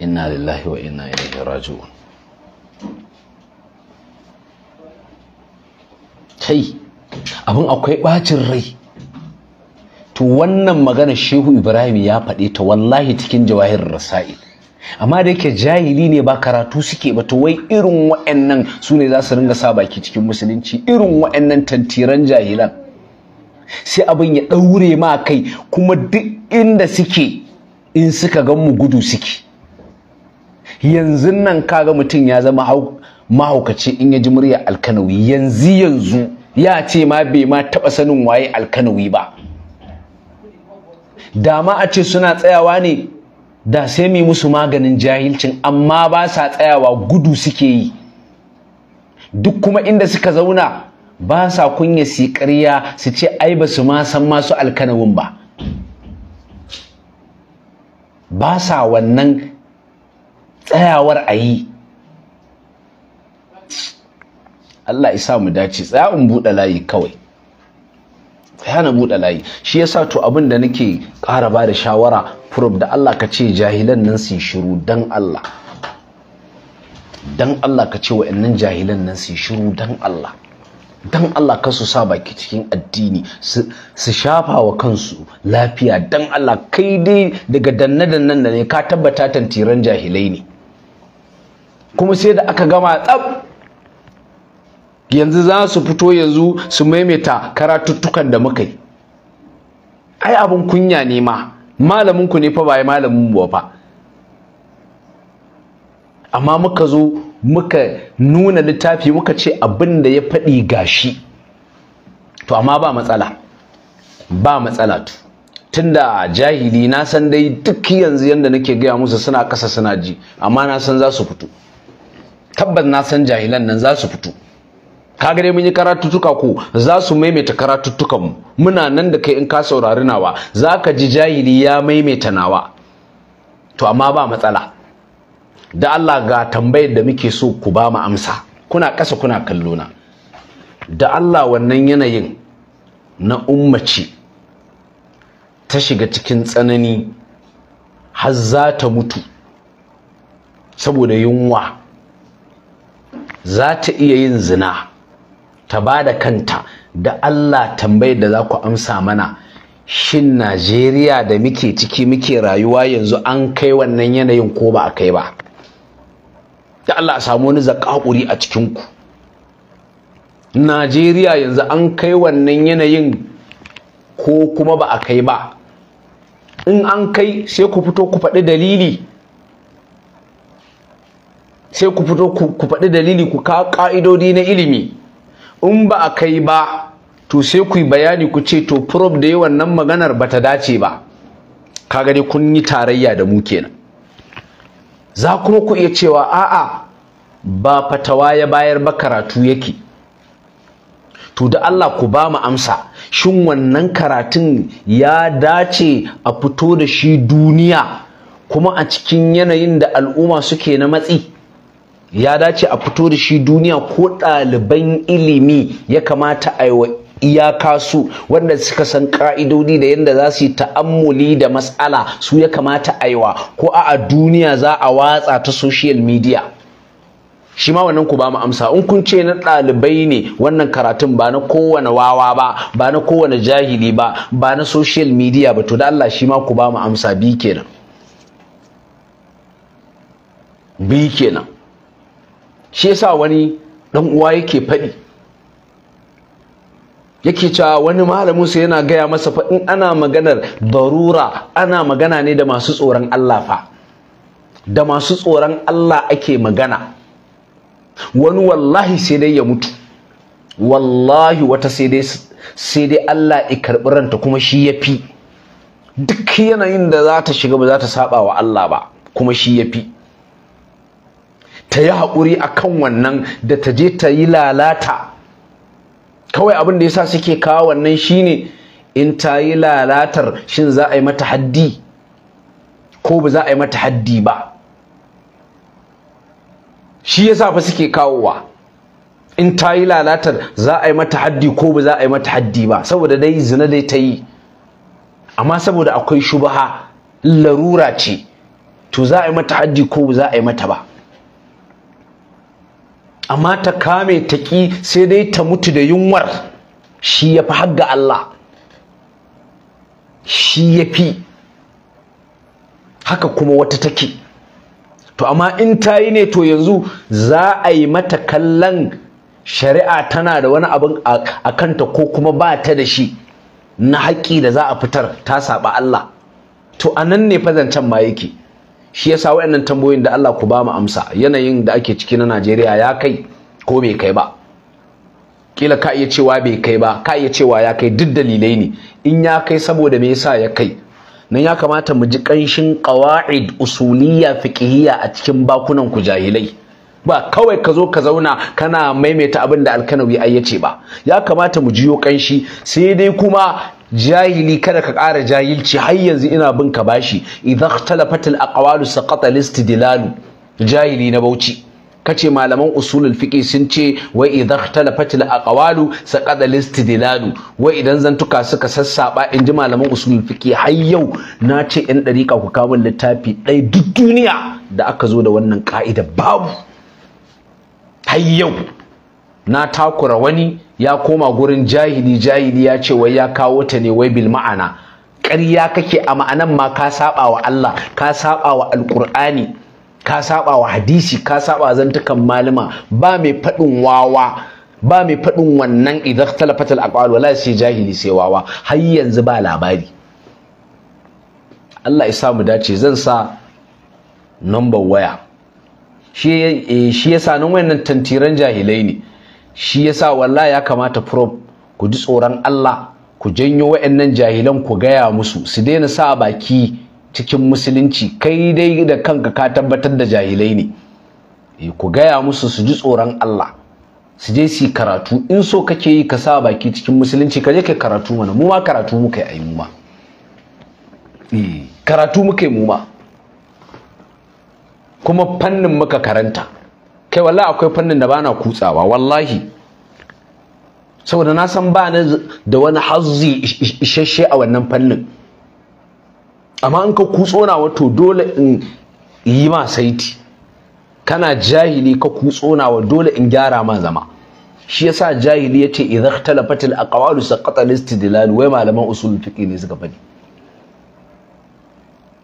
inna lillahi wa inna ilaihi raji'un kai abin akwai bacin rai to wannan magana shehu ibrahim ya faɗe ta wallahi cikin jawahir rasail amma da yake jahili ne ba karatu suke ba to wai irin wa'annan su ne za su ringa sa baki cikin musulunci irin wa'annan tantiran jahilan sai abin ya ɗaure ma kai kuma duk inda suke in suka gan mu gudu suke yanzu nan kaga mutum ya zama mahaukaci in ya ji murya alkanawi yanzu yanzu ya ce ma bai ma taɓa sanin waye alkanawi ba dama a ce suna tsayawa ne da sai mu musu maganin jahilcin amma ba sa tsayawa gudu suke yi duk kuma inda suka zauna ba sa kunya su ƙarya su ce ai ba su ma san masu alkanawun ba ba sa wannan tsayawar a yi Allah isa mu dace tsaya in buɗe layi kawai tsaya na buɗe layi shi yasa to abin da nake ƙara ba da shawara prof da Allah ka ce jahilan nan su shiru dan Allah dan Allah ka ce wa'annan jahilan nan su shiru dan Allah dan Allah ka su sa baki cikin addini su shafa wa kansu lafiya dan Allah kai dai daga danna dannan da ne ka tabbata tantiran jahilai ne kuma sai da aka gama tsab yanzu za su fito yanzu su maimaita karatuttukan da muka yi ai abin kunya ne ma malamin ku ne fa ba malamin mu fa amma muka zo muka nuna littafi muka ce abin da ya faɗi gashi to amma ba matsala ba matsala to tunda jahili na san dai duk yanzu yanda nake gaya musu suna kasa suna ji amma na san za su fito tabbas na san jahilan nan za su fito kaga dai mun yi karatuttuka ko za su maimaita karatuttukan mu muna nan da kai in ka saurari nawa Za ka ji jahili ya maimaita nawa to amma ba matsala da Allah ga tambayar da muke so ku ba mu amsa kuna ƙasa kuna kallo na da Allah wannan yanayin na ummaci ta shiga cikin tsanani har za ta mutu saboda yunwa za ta iya yin zina ta bada kanta da Allah tambayar da za ku amsa mana shin Najeriya da muke ciki muke rayuwa yanzu an kai wannan yanayin ko ba a kai ba da Allah a samu wani zakakuri a cikinku Najeriya yanzu an kai wannan yanayin ko kuma ba a kai ba in an kai sai ku fito ku faɗi dalili sai ku fito ku faɗi dalili ku ka ƙa'idodi na ilimi in ba a kai ba to sai ku yi bayani ku ce to prof da yi wannan maganar ba ta dace ba Ka gani kun yi tarayya da mu kenan za kuma ku iya cewa a'a ba fatawa ya bayar ba karatu yake to da Allah ku ba mu amsa shin wannan karatun ya dace a fito da shi duniya kuma a cikin yanayin da al'umma suke na matsi ya dace a fito da shi duniya ko ɗaliban ilimi ya kamata a wa iyaka su wanda suka san ka'idodi da yadda za su yi ta'ammuli da matsala su ya kamata a ko a a duniya za a watsa ta social media shi ma wannan ku ba mu amsa in kun ce na ɗalibai ne wannan karatun ba na kowane wawa ba ba na kowane jahili ba ba na social media ba to da Allah shi ma ku ba mu amsa bi kenan bi kenan shi yasa wani dan uwa yake faɗi yake cewa wani malamin sa yana gaya masa fa in ana maganar darura ana magana ne da masu tsoron Allah fa da masu tsoron Allah ake magana wani wallahi sai dai ya mutu wallahi wata sai dai sai dai Allah ya karɓi ranta kuma shi ya fi duk yanayin da za ta shiga ba za ta saba wa Allah ba kuma shi ya fi ta yi haƙuri a kan wannan da ta je ta yi lalata kawai abin da ya sa suke kawo wannan shi ne, in ta yi lalatar shin za a yi mata haddi ko ba za a yi mata haddi ba shi ya sa fa suke kawowa in ta yi lalatar za a yi mata haddi ko ba za a yi mata haddi ba saboda dai zina dai ta yi amma saboda akwai shubaha larura ce to za a yi mata haddi ko ba za a yi mata ba amma ta kame ta ƙi sai dai ta mutu da yunwar shi ya fi hagga Allah shi ya fi haka kuma wata take to amma in ta yi ne to yanzu za a yi mata kallon shari'a tana da wani abin a kanta ko kuma ba ta da shi na haƙƙi da za a fitar ta saba Allah to a nan ne fa zancen ma yake shi yasa wayannan tambayoyin da Allah ku ba mu amsa yanayin da ake ciki na Najeriya ya kai ko bai kai ba kila ka iya cewa bai kai ba ka iya cewa ya kai duk dalilai ne in ya kai saboda me yasa ya kai nan ya kamata mu ji kanshin qawaid usuliyya fiqhiyya a cikin bakunan ku jahilai ba kawai ka zo ka zauna kana maimaita abin da alkanawi ai yace ba ya kamata mu jiyo kanshi sai dai kuma jahili kada ka ƙara jahilci har yanzu ina bin ka bashi idan talafatil aqwalu saqata listidilalu jahili na bauchi kace malaman usulul fiqi sun ce wa idza talafatil aqwalu saqada listidilalu wa idan zantuka suka sassaba ji malaman usulul fiqi har yau na ce in dariqa ku kawo littafi ɗaya duk duniya da aka zo da wannan ka'ida babu har yau na takura wani ya koma gurin jahili jahili ya ce wai ya kawo ta ne wai bil ma'ana ƙarya kake a ma'anan ma ka saba wa Allah ka saba wa alƙur'ani ka saba wa hadisi ka saba zantukan malama ba mai faɗin wawa ba mai faɗin wannan idan talafat al-aqwal wala sai jahili sai wawa har yanzu ba labari Allah ya samu dace zan sa number waya shi yasa eh, nan wayannan tantiran jahilai ne shi yasa wallah ya kamata prof ku ji tsoron Allah ku janyo nan jahilan ku gaya musu su daina sa baki cikin musulunci kai dai da kanka ka tabbatar da jahilai ne eh, ku gaya musu su ji tsoron Allah su je su karatu in so kake yi ka sa baki cikin musulunci ka je ka karatu mana mu ma karatu muka yi mu ma eh, karatu muka yi mu ma kuma fannin muka karanta kai wallahi akwai fannin da bana kutsawa wallahi saboda na san ba ni da wani hazzi isasshe a wannan fannin amma in ka kutso na wato dole in yi ma saiti kana jahili ka kutso na wa dole in gyara ma zama shi yasa jahili yace idza ikhtalafatil aqwalu saqata al-istidlal wai malaman usul fiqh ne suka faɗi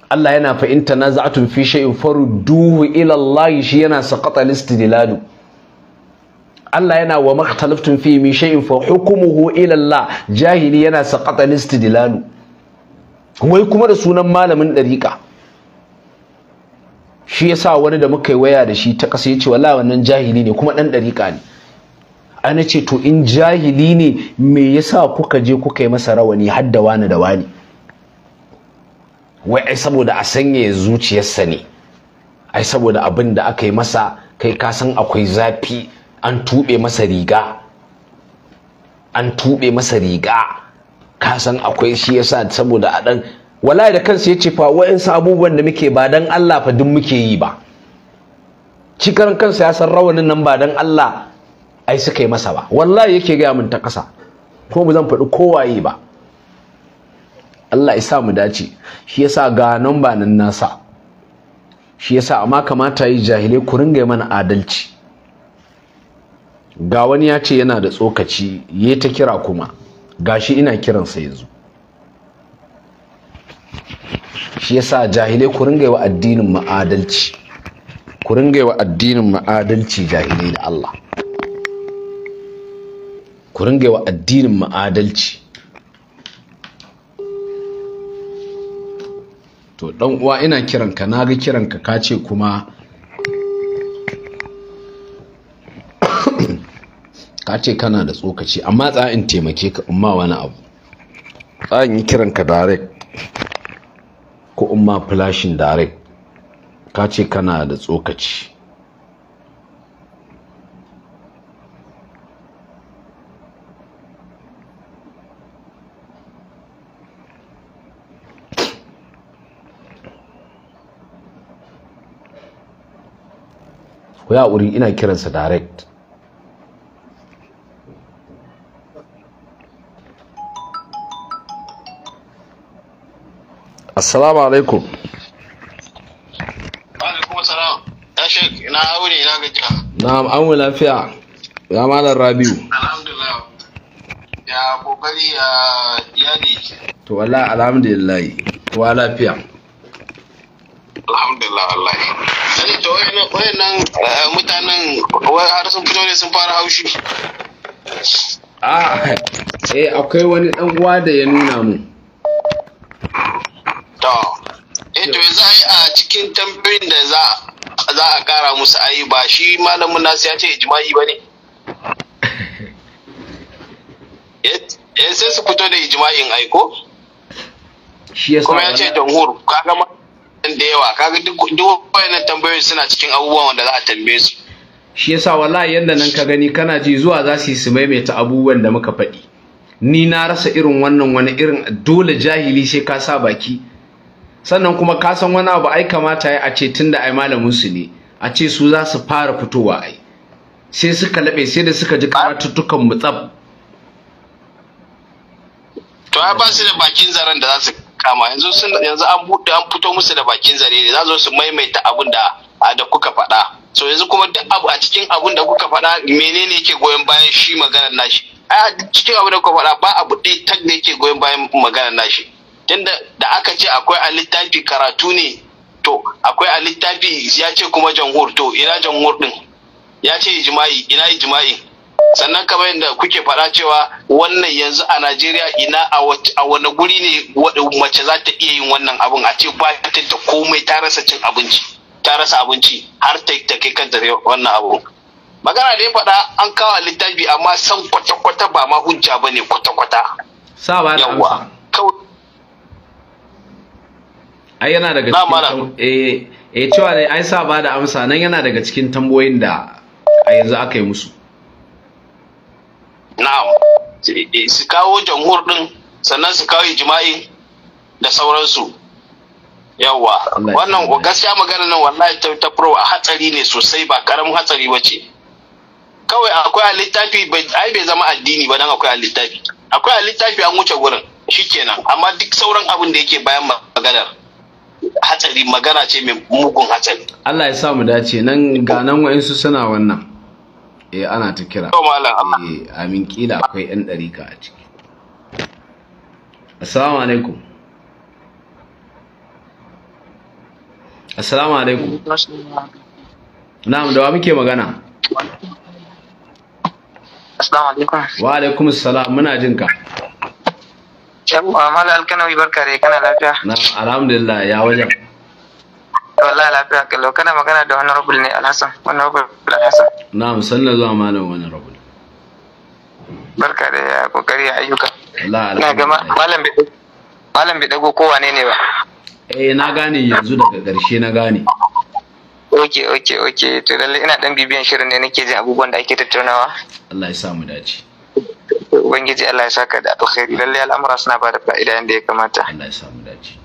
Allah yana fa in tanaza'tum fi shay'in farudduhu ila Allah shi yana saqata listidladu Allah yana wa makhtalaftum fi min shay'in fa hukmuhu ila Allah jahili yana saqata listidladu wai kuma da sunan malamin dariqa shi yasa wani da muka yi waya da shi ta kasa yace wallahi wannan jahili ne kuma dan dariqa ne ana ce to in jahili ne me yasa kuka je kuka yi masa rawani har da wani da wani wai ai saboda a sanya zuciyarsa ne ai saboda abin da aka yi masa kai ka san akwai zafi an tuɓe masa riga an tuɓe masa riga ka san akwai shi yasa saboda a ɗan wallahi da kansa ya ce fa wa'insu abubuwan da muke ba dan Allah fa duk muke yi ba cikaran kansa ya san rawanin nan ba dan Allah ai suka yi masa ba wallahi yake gaya min ta ƙasa ko ba zan faɗi kowaye ba Allah ya sa mu dace shi yasa ga nan ba nan nasa shi yasa amma kamata yi jahilai ku ringa mana adalci ga wani ya ce yana da tsokaci ya ta kira kuma gashi ina kiransa yanzu shi yasa jahilai ku ringa wa addinin mu adalci ku ringa wa addinin mu adalci jahilai da Allah ku ringa wa addinin mu adalci to dan uwa ina kiranka na ga kiranka ka ce kuma ka ce kana da tsokaci amma tsayin taimake ka umma wani abu tsayin yi kiranka direct ko umma flashing direct ka ce kana da tsokaci ku ya wuri ina kiransa direct assalamu alaikum alaikum assalam ya shek ina aure ina gajiya na'am an lafiya ya malam rabiu alhamdulillah ya kokari ya iyali to wallahi alhamdulillah kowa lafiya alhamdulillah wallahi nan eh, mutanen har sun fito ne sun fara haushi a ah, eh akwai wani dan uwa da ya nuna mu to eh to yanzu ai a cikin tambayin da za za a kara musu ayi ba shi malamin nasu ya ce ijma'i bane eh, eh sai su fito da ijma'in aiko shi yasa kuma ya ce jamhur gama. nan da yawa kaga duk wayannan tambayoyi suna cikin abubuwan wanda za a tambaye su shi yasa wallahi yanda nan ka gani kana ji zuwa za su yi su maimaita abubuwan da muka faɗi ni na rasa irin wannan wani irin dole jahili sai ka sa baki sannan kuma ka san wani abu ai kamata ya a ce tunda ai malamin su ne a ce su za su fara fitowa ai sai suka laɓe sai da suka ji karatuttukan mutsab to ya ba su da bakin zaren da za su kama yanzu sun yanzu an buɗe an fito musu da bakin zare ne za su su maimaita abin da da kuka faɗa so yanzu kuma duk abu a cikin abin da kuka faɗa menene yake goyon bayan shi maganar nashi a cikin abun da kuka faɗa ba abu ɗaya tag da yake goyon bayan maganar nashi tunda da aka ce akwai a littafi karatu ne to akwai a littafi ya ce kuma jamhur to ina jamhur din ya ce ijma'i ina ijma'i sannan kamar yadda kuke faɗa cewa wannan yanzu a najeriya ina a wani guri ne mace za ta iya yin wannan abun a ce ba ta da komai ta rasa cin abinci ta rasa abinci har ta kai kanta wannan abu magana da ya faɗa an kawo littafi amma san kwata-kwata ba ma hujja ba ne kwata-kwata yawwa ai yana daga cikin eh eh cewa dai, ai sa ba da amsa nan yana daga cikin tambayoyin da a yanzu aka yi musu na'am eh, su kawo jamhur din sannan su kawo jima'i da sauransu yawwa wannan gaskiya magana nan wallahi ta ta a hatsari ne sosai ba karamin hatsari ba ce kawai akwai a littafi ai bai zama addini ba dan akwai a littafi akwai a littafi an wuce gurin shikenan amma duk sauran abin da yake bayan maganar hatsari magana ce mai mugun hatsari Allah ya sa mu dace nan ga nan wa'insu suna wannan eh ana ta kira eh amin kila akwai yan ɗarika a ciki assalamu alaikum assalamu alaikum na'am da wa muke magana assalamu alaikum wa alaikum assalam muna jin ka yawwa kana alkanawi barka dai kana lafiya na'am alhamdulillah ya wajen wallahi lafiya kallo kana magana da honorable ne alhassan honorable alhassan na'am sannan zuwa malam honorable barka da ya kokari a ayyuka na ga malam bai malam bai dago kowane ne ba eh na gane yanzu daga ƙarshe na gane oke oke oke to lalle ina dan bibiyan shirin ne nake jin abubuwan da ake tattaunawa Allah ya sa mu dace ubangiji Allah ya saka da alkhairi lalle al'amura suna ba da fa'ida yanda ya kamata Allah ya sa mu dace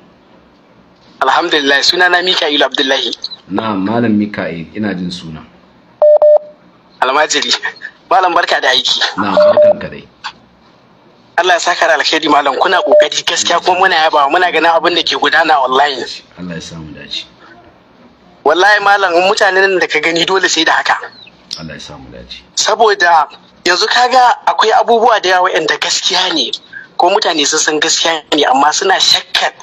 alhamdulillah suna na mika'ilu abdullahi na malam mika'il ina jin suna almajiri malam barka da aiki na barkan ka dai Allah ya saka da alkhairi malam kuna kokari gaskiya kuma muna yaba muna ganin abin da ke gudana online Allah ya samu dace wallahi malam mutanen da ka gani dole sai da haka Allah ya samu dace saboda yanzu kaga akwai abubuwa da yawa inda gaskiya ne ko mutane sun san gaskiya ne amma suna shakkar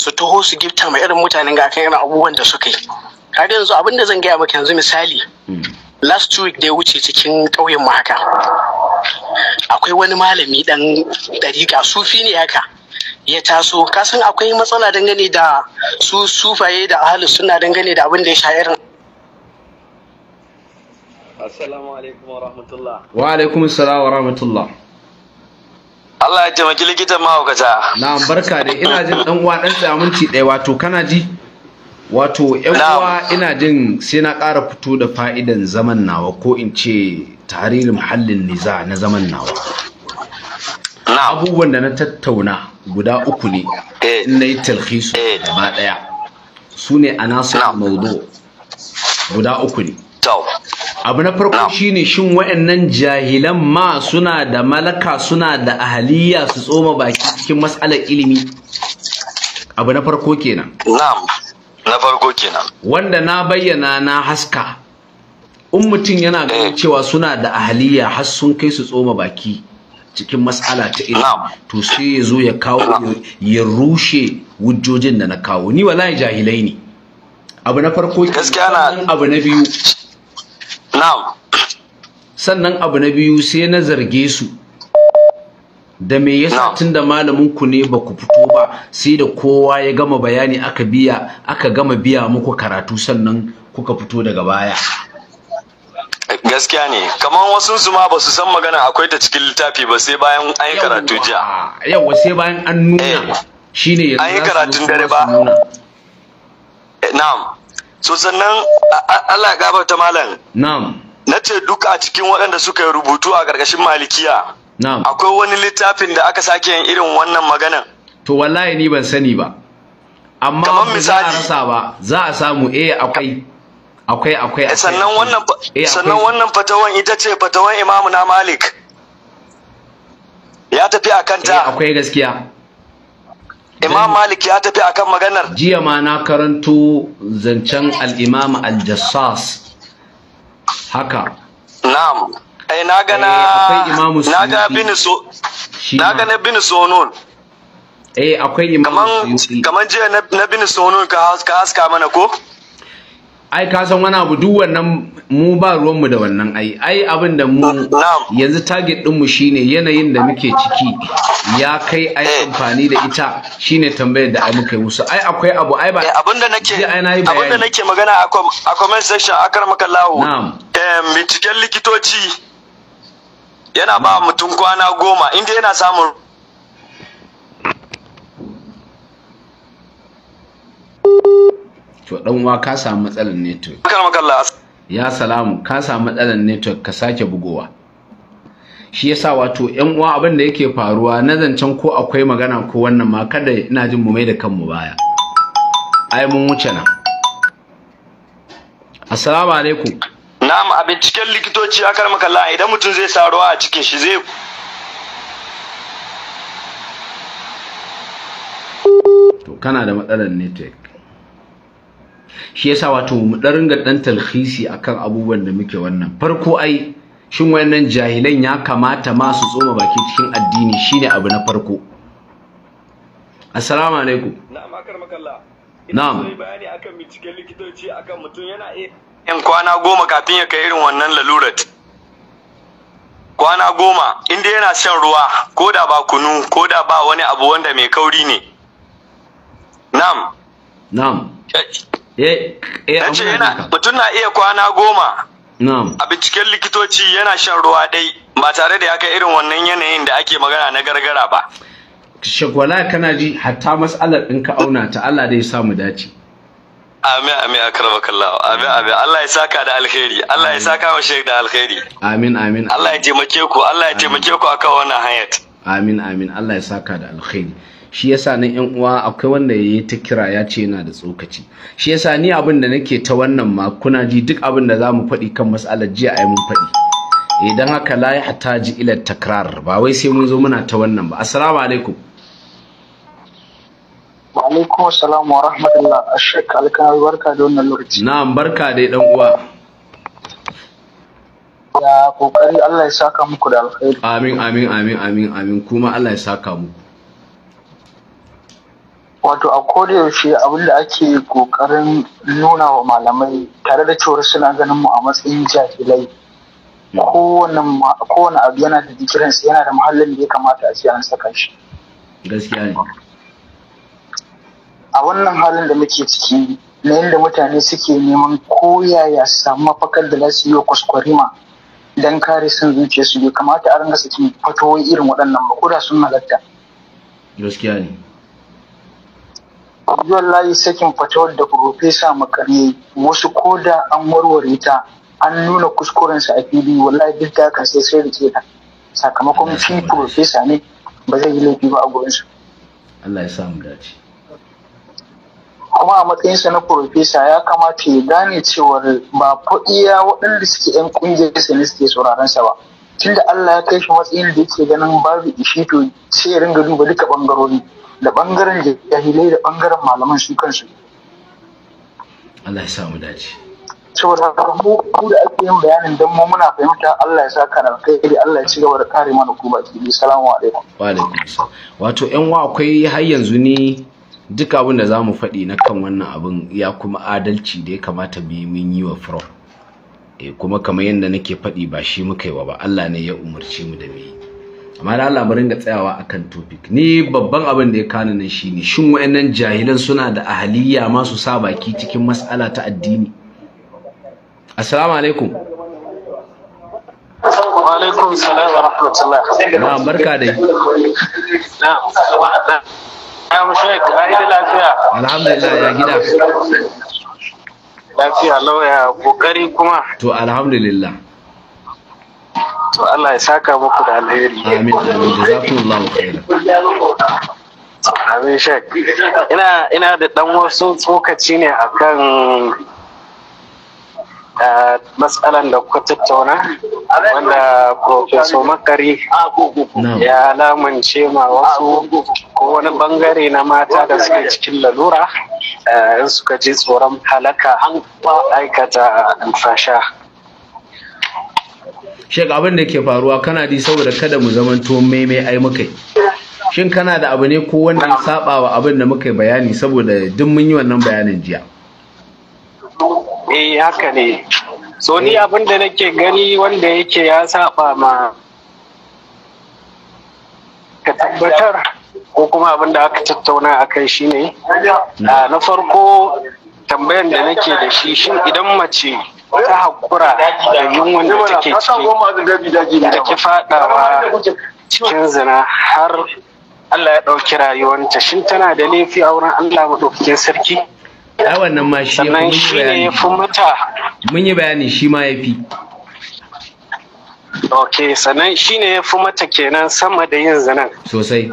su taho su gifta ma irin mutanen ga akan irin abubuwan da suka yi kaga yanzu abin da zan gaya maka yanzu misali last week da ya wuce cikin ƙauyen mu haka akwai wani malami dan dariƙa sufi ne haka ya taso kasan akwai matsala dangane da su sufaye da ahli suna dangane da abin da ya sha irin assalamu alaikum wa rahmatullah wa alaikum assalam wa rahmatullah Allah ya taimaki likitan mahaukata. Na'am barka da ina jin dan uwa dan tsamunci ɗaya wato kana ji? Wato ƴan uwa ina jin sai na ƙara fito da fa'idan zaman nawa ko in ce tarihin muhallin niza na zaman nawa. Na. Abubuwan da na tattauna guda uku ne eh. in na yi talhisu eh. gaba ɗaya su ne a nasu maudu guda uku ne. abu na farko shine shin nan jahilan ma suna da malaka suna da ahaliya su tsoma baki cikin matsalar ilimi abu na farko kenan na'am na farko kenan wanda na bayyana na haska in mutum yana eh. ganin cewa suna da ahaliya har sun kai su tsoma baki cikin matsala ta ilimi to sai ya zo ya kawo ya rushe wujjojin da na kawo ni wallahi jahilai ne abu na farko gaskiya abu na biyu sannan abu na biyu sai na zarge su da me yasa tunda malamin ku ne ba ku fito ba sai da kowa ya gama bayani aka biya aka gama biya muku karatu sannan kuka fito daga baya gaskiya ne kamar wasu su ma ba su san magana akwai ta cikin littafi ba sai bayan an yi karatu jiya yawa sai bayan an nuna eh. shine yanzu za su karatun dare ba eh, na'am so sannan Allah gafarta malam na'am nace duk a cikin waɗanda suka yi rubutu a ƙarƙashin malikiya na'am akwai wani littafin da aka sake yin irin wannan magana. to wallahi ni ban sani ba amma misali. za a za a samu eh akwai akwai akwai eh, sannan wannan eh, sannan wannan fatawan ita ce fatawan imamu na malik ya tafi a kanta eh, akwai gaskiya imam malik ya tafi akan maganar jiya ma na karanto zancen al-imam al-jassas haka na'am ai eh, na ga na eh, na ga bin so na ga na bin nun. eh akwai imam kaman kaman jiya na bin nun ka haska mana ko ai ka san wani abu duk wannan mu ba ruwanmu da wannan ai ai abin da mu yanzu target ɗinmu shine yanayin da muke ciki ya kai ai eh. amfani da ita shine tambayar da ai muka yi musu ai akwai abu ai ba eh, abin da nake abin da nake magana a comment section akar maka lawo binciken likitoci yana ba mutum kwana goma inda yana samun to dan uwa ka samu matsalar network ya salamu ka samu matsalar network ka sake bugowa shi yasa wato yan uwa abin da yake faruwa na zancen ko akwai magana ko wannan ma kada ina jin mu mai da kanmu baya ai mun wuce na assalamu alaikum na'am a binciken likitoci akar makalla idan mutum zai sa ruwa a cikin shi zai to kana da matsalar network shi yasa wato mu dan ringa dan talhisi akan abubuwan da muke wannan farko ai shin wayannan jahilan ya kamata ma su tsoma baki cikin addini shine abu na farko assalamu alaikum na'am akar makalla na'am bayani akan binciken likitoci akan mutum yana yan kwana goma kafin ya kai irin wannan lalurat kwana goma inda yana shan ruwa ko da ba kunu ko da ba wani abu wanda mai kauri ne na'am na'am ya yana mutum na iya kwana goma a binciken likitoci yana shan ruwa dai ba tare da ya kai irin wannan yanayin da ake magana na gargara ba shagwala kana ji hatta mas'alar ɗin ka auna ta Allah dai mu dace Amin amin akramakallahu amin amin Allah ya saka da alkhairi Allah ya saka wa Sheikh da alkhairi Amin amin Allah ya taimake ku Allah ya taimake ku akan wannan hayat Amin amin Allah ya saka da alkhairi shi yasa nan yan uwa akwai wanda yayi ta kira ya ce yana da tsokaci shi yasa ni abin da nake ta wannan ma kuna ji duk abin da zamu faɗi kan mas'alar jiya ai mun faɗi idan eh, haka la ya ji ila takrar ba wai sai mun zo muna ta wannan ba assalamu alaikum wa alaikum assalam wa rahmatullah ashek alkan barka da wannan lokaci na'am barka dai dan uwa ya kokari Allah ya saka muku da alkhairi amin amin amin amin amin kuma Allah ya saka muku wato a yaushe abin da ake kokarin nuna wa malamai tare da cewar suna ganin mu a matsayin jahilai hmm. kowane abu yana da jikiransa yana da muhallin da ya kamata a siya an saka shi gaskiya ne a wannan halin da muke ciki na yadda mutane suke neman koyaya ya samu mafakar da za yi wa kwaskwarima don kare sun zuciya su bai kamata a ringa sakin fatoyi irin waɗannan ba ko da sun halatta gaskiya ne layi sakin fatawar da profesa makare wasu ko da an warware ta an nuna kuskurensa a fili wallahi duk da haka sai sai rike ta sakamakon shi profesa ne ba zai yi laifi ba a gurinsa Allah ya mu dace kuma a matsayinsa na profesa ya kamata ya gane cewar ba fa iya waɗanda suke 'yan ƙungiyarsa ne suke sauraron sa ba tunda Allah ya kai shi matsayin da yake ganin babu ishito sai ya ringa duba duka ɓangarori da bangaren jahilai da bangaren malaman su kansu Allah ya sa mu dace saboda haka mu da ake yin bayanin dan mu muna fahimta Allah ya saka da kai da Allah ya ci gaba da kare mana ku ki Salamu alaikum wa alaikum wato yan wa akwai har yanzu ni duk abin da zamu faɗi na kan wannan abin ya kuma adalci da ya kamata mu mun yi wa fro eh kuma kamar yadda nake faɗi ba shi muka yi wa ba Allah ne ya umarce mu da mu yi amma da Allah bari ga tsayawa akan topic ni babban abin da ya kana nan shine shin wayannan jahilan suna da ahaliya ma su sa baki cikin mas'ala ta addini assalamu alaikum alaikum salam wa rahmatullah na barka dai na'am na'am shek ai da lafiya alhamdulillah ya gida lafiya ya kokari kuma to alhamdulillah to Allah ya saka muku da alheri amin amin shek ina da dan wasu tsokaci ne akan matsalan da kuka tattauna wanda profeso makari ya lamunce ma wasu ko wani bangare na mata da suke cikin lalura eh, in suka ji tsoron halaka an aikata alfasha shek abin da ke faruwa kana ji saboda kada mu zamanto maimai ai muka shin kana da abu ne ko wanda ya saba wa abin da muka bayani saboda duk mun yi wannan bayanin jiya eh haka ne so ni abin da nake gani wanda yake ya saba ma ka tabbatar ko kuma abin da aka tattauna a kai shi ne ah, na farko tambayan da nake da shi shin idan mace ta haƙura da yunwan da take ciki da ki faɗawa cikin zina har Allah ya ɗauki rayuwanta shin tana da laifi a wurin Allah maɗaukakin sarki a wannan ma shi sannan shi ne ya fi mata mun yi bayani shi ma ya fi ok sannan shi ne ya fi mata kenan sama da yin zinan sosai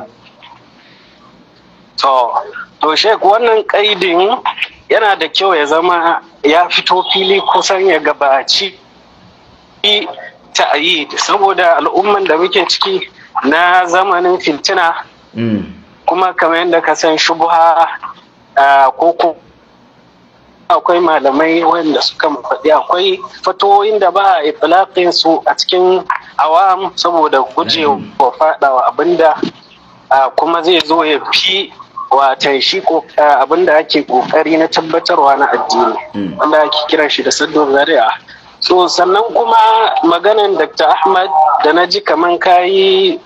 to to shek wannan kaidin yana da kyau ya zama ya fito fili kusan ya gabaci ta'ayid saboda al'umman da muke ciki na zamanin fitina mm. kuma kamar yadda ka san shubuha ko akwai malamai wanda suka faɗi akwai fatoyin da ba a itlaqin su a cikin awam saboda gujewa mm. faɗawa abinda kuma zai zo ya fi watan shi eh, abin da ake kokari na tabbatarwa na addini hmm. wanda ake kiran shi da saddon zari'a so sannan kuma maganan dr ahmad da na ji kaman kayi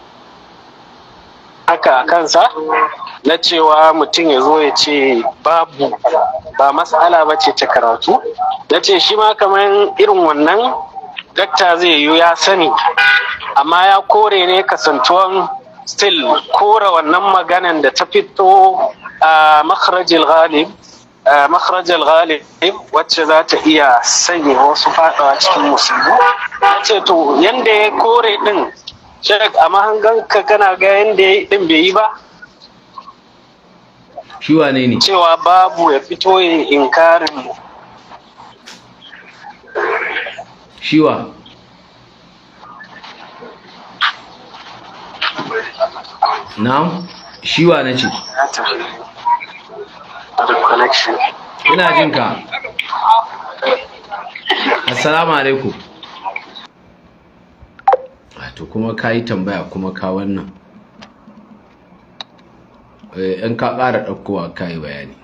haka a kansa na cewa mutum ya zo ya ce babu ba matsala ba ce ta karatu na ce shi ma kaman irin wannan dakta zai yiwu ya sani amma ya kore ne kasantuwan still kora wannan maganan da ta fito a makarajin ghalib makarajin ghalib wacce za ta iya sanya wasu fadawa cikin musulmi wacce to yadda ya kore din shek a mahanganka kana ga yanda ya din bai yi ba shi wane ne cewa babu ya fito yin inkarin shiwa na'am shi wa na ce ina jin ka assalamu alaikum ah, to kuma ka yi tambaya kuma ka wannan eh, in ka ƙara ɗaukowa ka yi bayani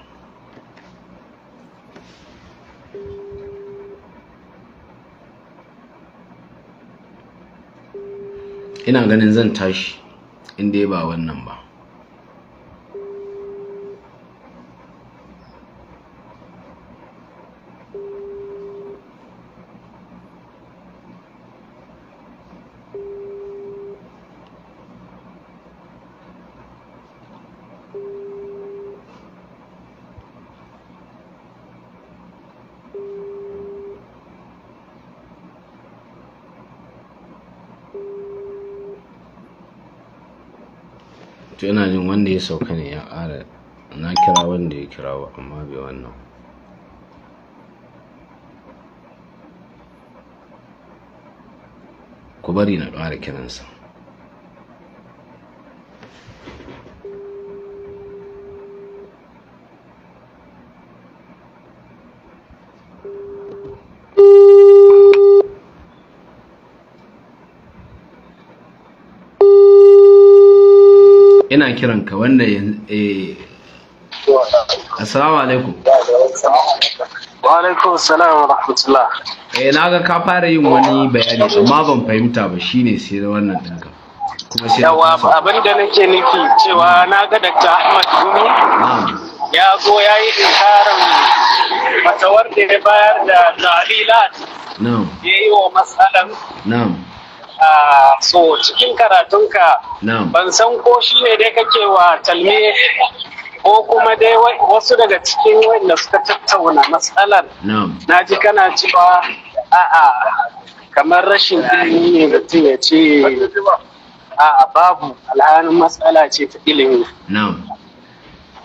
ina ganin zan tashi in dai ba wannan ba to ina jin wanda ya sauka ne ya ƙara na kira wanda ya kira ba amma bai wannan ku bari na ƙara kiransa ina kiran ka wanda eh assalamu alaikum wa alaikum assalam wa rahmatullah eh ga ka fara yin wani bayani amma ban fahimta ba shine sai da wannan dinka kuma sai yawa abin da nake nufi cewa na ga Dr. Ahmad Gumi ya go ya yi isharar fatawar da ya bayar da Zalilat ya yayi wa matsalan Ah, so cikin karatunka ban san ko shi ne dai kake wa talme ko kuma dai wasu daga cikin wanda suka tattauna matsalar na ji kana cewa a'a kamar rashin ilimi ne da ya ce a'a babu alhanin matsala ce ta ilimi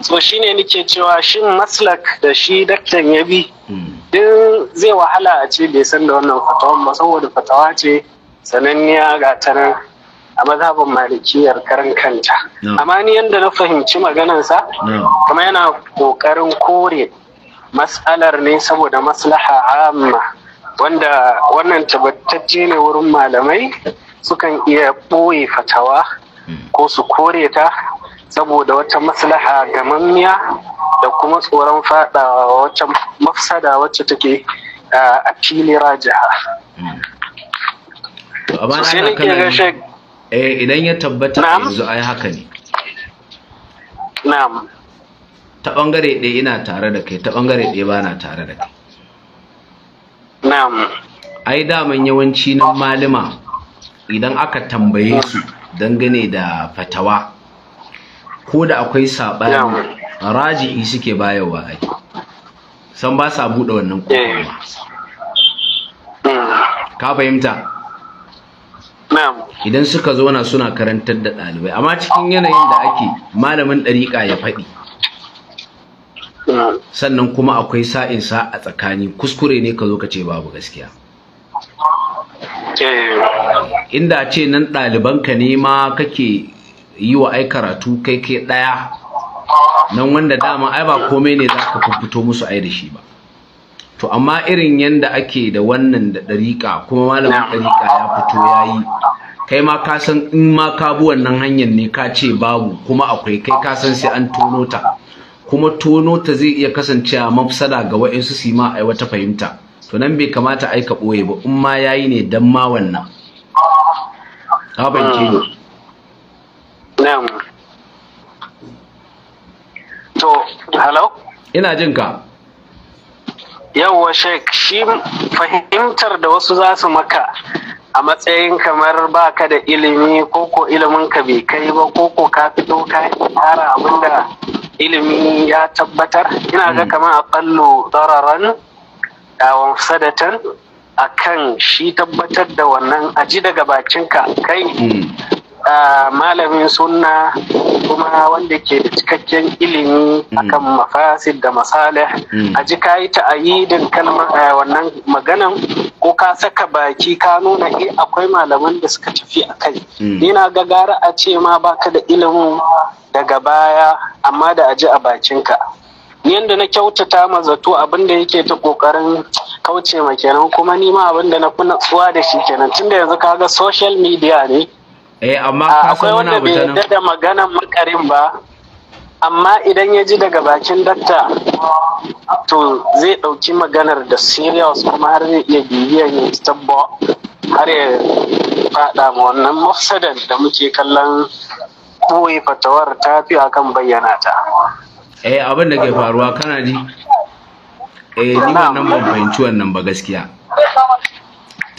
so shine nike cewa shin maslak da shi daktan ya bi hmm. din zai wahala a ce bai san da wannan fatawan ba saboda fatawa ce sananniya ga ta nan a mazhabin malikiyar karan kanta amma ni yadda na fahimci maganansa kuma yana kokarin kore matsalar ne saboda maslaha amma wanda wannan tabbatacce ne wurin malamai sukan iya ɓoye fatawa mm. ko su kore ta saboda wata maslaha gamammiya da kuma tsoron faɗawa wata mafsada wacce take ah, a fili rajaha mm. amma ana kan eh idan ya tabbata yanzu ai haka ne na'am ta bangare ɗaya ina tare da kai ta bangare ɗaya ba na tare da kai na'am ai daman yawanci na malima idan aka tambaye su dangane da fatawa ko da akwai saɓani raji'i suke bayarwa ake san ba sa buɗe wannan kokowa eh. hmm. ka fahimta idan suka zauna suna karantar da ɗalibai amma cikin yanayin da ake malamin ɗariƙa ya faɗi sannan kuma akwai sa'insa a tsakani kuskure ne ka zo ka ce babu gaskiya eh. inda ce nan ɗalibanka ne ma kake yi wa ai karatu kai kai ɗaya nan wanda dama ai ba komai ne za ka fito musu ai da shi ba to amma irin yanda ake da wannan da ɗariƙa kuma malamin ɗariƙa ya fito yayi kai ma ka san in ma ka bi wannan hanyar ne ka ce babu kuma akwai kai ka san sai an tono ta kuma tono ta zai iya kasancewa mafsada ga wa'insu su ma ai wata fahimta to nan bai kamata ai ka boye ba in ma yayi ne dan ma wannan ka fahimce ni to hello ina jin ka yawwa shek shi fahimtar da wasu za su maka a matsayin kamar baka da ilimi koko ilimin ka bai kai ba ko ka fito ka fara abinda ilimi ya tabbatar ina ga hmm. kamar a ballo dararan dawon sadatan a kan shi tabbatar da wannan aji daga bakinka kai hmm. malamin sunna kuma wanda ke da cikakken ilimi hmm. akan mafasid da masalih hmm. a ji ka yi ta'ayidin kalmar eh, wannan maganan ko ka saka baki ka nuna eh akwai malaman da suka tafi a kai hmm. ni na ga gara a ce ma baka da ilimin daga baya amma da aji a bakinka yadda na kyautata ma zato abinda yake ta kokarin kauce ma kenan kuma ni abin da na kuna natsuwa da shi kenan tunda yanzu kaga social media ne eh amma ka ah, san wani abu da maganan makarin ba amma idan ya ji daga bakin dakta to zai ɗauki maganar da serious kuma har zai iya bibiyan ya tabbo har ya faɗa ma wannan mafsadan da muke kallon koyi fatawar ta fi akan bayyana ta eh abin da ke faruwa kana ji eh ni wannan ban fahimci wannan ba gaskiya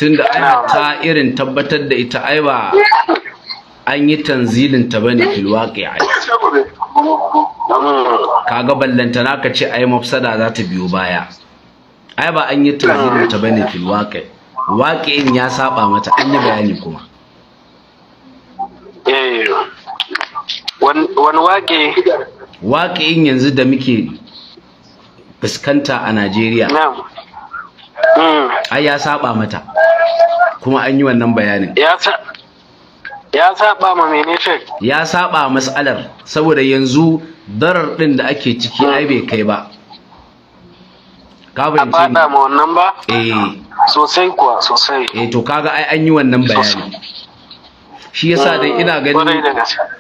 tunda ai ta irin tabbatar da ita ai ba an yi tanzilin ta bane fil waqi'i kaga ballanta ka ce ai mafsada za ta biyo baya ai ba an yi tanzilin ta bane fil waqi'a waqi'in ya saba mata an yi bayani kuma eh wani waƙe waƙe'in yanzu da muke fuskanta a Najeriya ai ya saba mata kuma an yi wannan bayanin ya saba ma menene ya saba mas'alar saboda yanzu darar din da ake ciki hmm. ai bai kai ba ka fahimce ma wannan ba eh sosai kuwa sosai eh to kaga ai an yi wannan bayanin. shi yasa dai hmm, ina ganin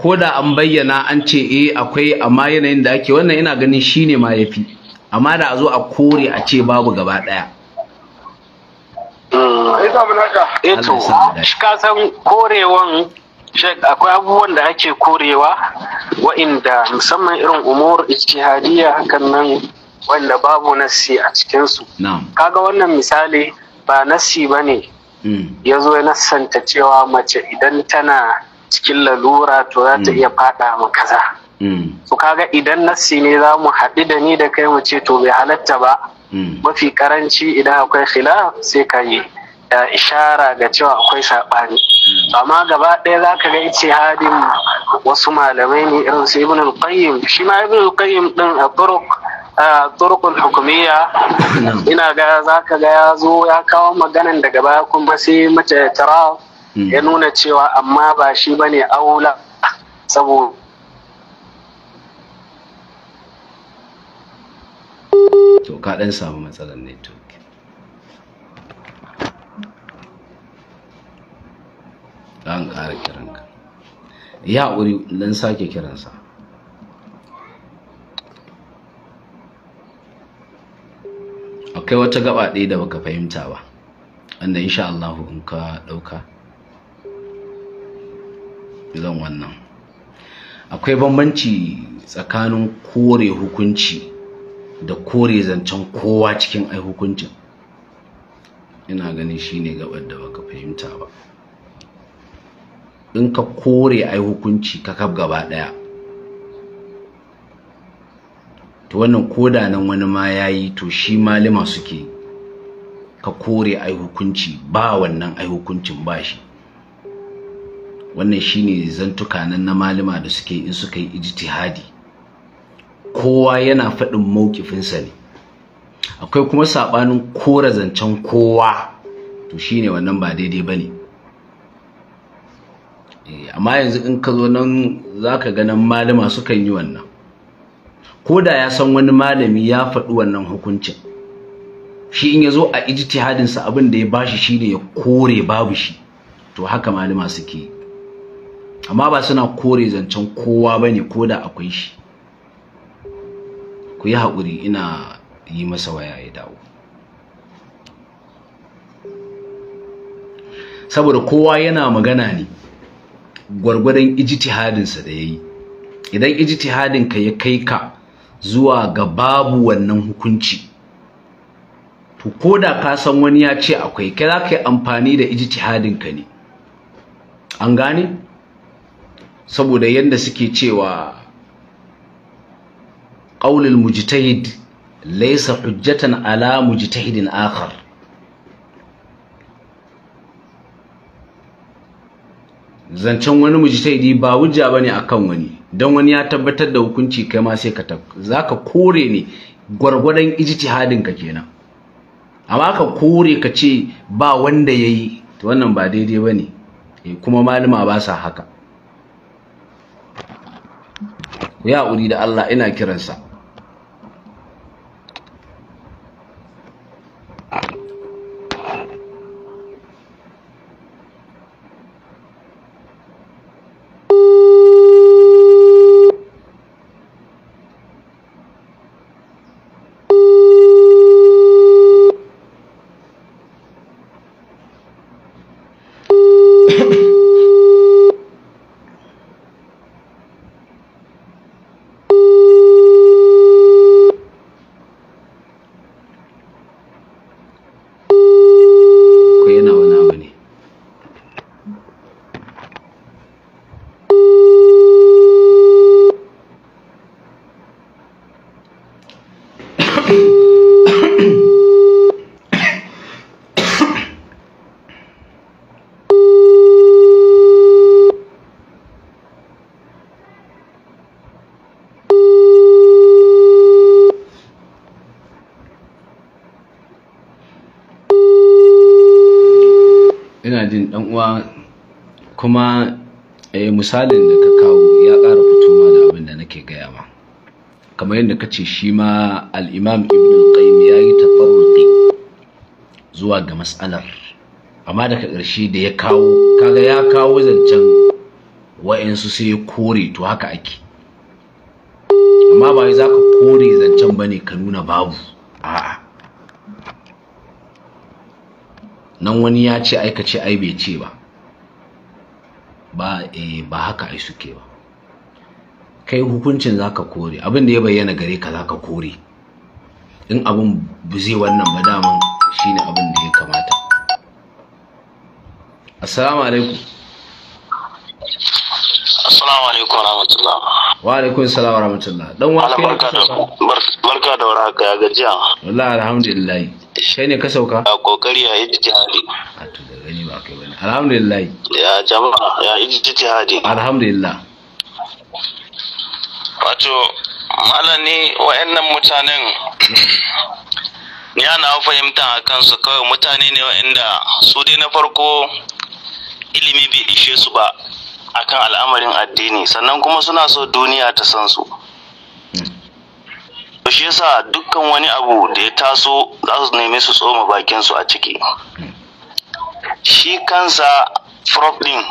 ko da an bayyana an ce eh akwai amma yanayin da ake wannan ina ganin shine ma yafi amma da a zo a kore a ce babu gaba daya eto eh ka san korewan akwai abubuwan da ake korewa wa'inda musamman irin umur ijtihadiyya hakan nan wanda babu nasi a cikinsu kaga wannan misali ba nasi ba ne hmm. ya zo ya nassanta cewa mace idan tana cikin lalura to za ta hmm. iya fada ma kaza hmm. su kaga idan nasi ne za mu haɗu da ni da kai mu ce to bai halatta ba mafi karanci idan akwai khilaf sai ka yi ishara ga cewa akwai saɓani amma gaba ɗaya za ka ga ice hadin wasu malamai ne irin su ibn al-qayyim shi ma ibn al-qayyim din a turuk hukumiyya ina ga za ka ga ya zo ya kawo maganan daga baya kuma sai mace tara ya nuna cewa amma ba shi bane aula saboda to ka samu matsalar ne an ƙara kiranka ya wuri dan sake kiransa akwai wata gaba ɗaya da baka fahimta ba wanda insha Allah in ka ɗauka zan wannan akwai bambanci tsakanin kore hukunci da kore zancen kowa cikin ai hukuncin ina ganin shine gabar da baka fahimta ba in ka kore ai hukunci ka kaf gaba daya to wannan koda nan wani ma yayi to shi malima suke ka kore ai hukunci ba wannan ai hukuncin ba shi wannan shine zantuka nan na malima da suke in suka yi ijtihadi kowa yana faɗin maukifinsa ne akwai kuma saɓanin kore zancen kowa to shine wannan ba daidai ba ne Eh, amma yanzu in ka zo nan za ka ganin malama sukan yi wannan ko da ya san wani malami ya faɗi wannan hukuncin shi in ya zo a sa abin da ya bashi shine ya kore babu shi to haka malama suke amma ba suna kore zancen kowa bane ko da akwai shi ku yi haƙuri ina yi masa waya ya dawo saboda kowa yana magana ne gwargwadon sa da yayi idan ijtihadin ka ya kai ka zuwa ga babu wannan hukunci to ko da ka san wani ya ce akwai kai za ka yi amfani da ijtihadin ka ne an gane saboda yadda suke cewa qaulul mujtahid laysa hujjatan ala mujtahidin akhar zancen wani mujtahidi ba hujja bane akan wani dan wani ya tabbatar da hukunci kai ma sai ka zaka kore ne gwargwadon ijtihadin ka kenan amma ka kore ka ce ba wanda yayi to wannan ba daidai bane eh, kuma malama ba sa haka ku ya uri da Allah ina kiransa jin dan uwa kuma eh, misalin da ka kawo ya ƙara fito ma da abin da nake gaya ma kamar yadda ka ce shi ma al-imam ibn al-qayyim ya yi tafarruqi zuwa ga mas'alar amma daga ƙarshe da ya kawo kaga ya kawo zancen wa'ansu sai ya kore to haka ake amma ba za ka kore zancen bane ka nuna babu a'a nan wani ya ce ai ka ai bai ce ba ba eh, ba haka ai suke ba kai hukuncin zaka kore abin da ya bayyana gare ka zaka kore in abin buzi wannan ba shi shine abin da ya kamata assalamu alaikum assalamu alaikum warahmatullahi wa alaikum salam wa rahmatullah dan wa kai barka da barka da warhaka ya gajiya wallahi alhamdulillah kai ne ka sauka a kokari ya ijtihadi a to da gani ba kai bane alhamdulillah ya jama'a ya ijtihadi alhamdulillah wato 'yan nan mutanen ya na fahimta a kansu kawai mutane ne wa'anda su dai na farko ilimi bai ishe su ba akan al'amarin addini sannan kuma suna so duniya ta san su to shi yasa dukkan wani abu da ya taso za su nemi su tsoma bakin su a ciki shi kansa prop ɗin.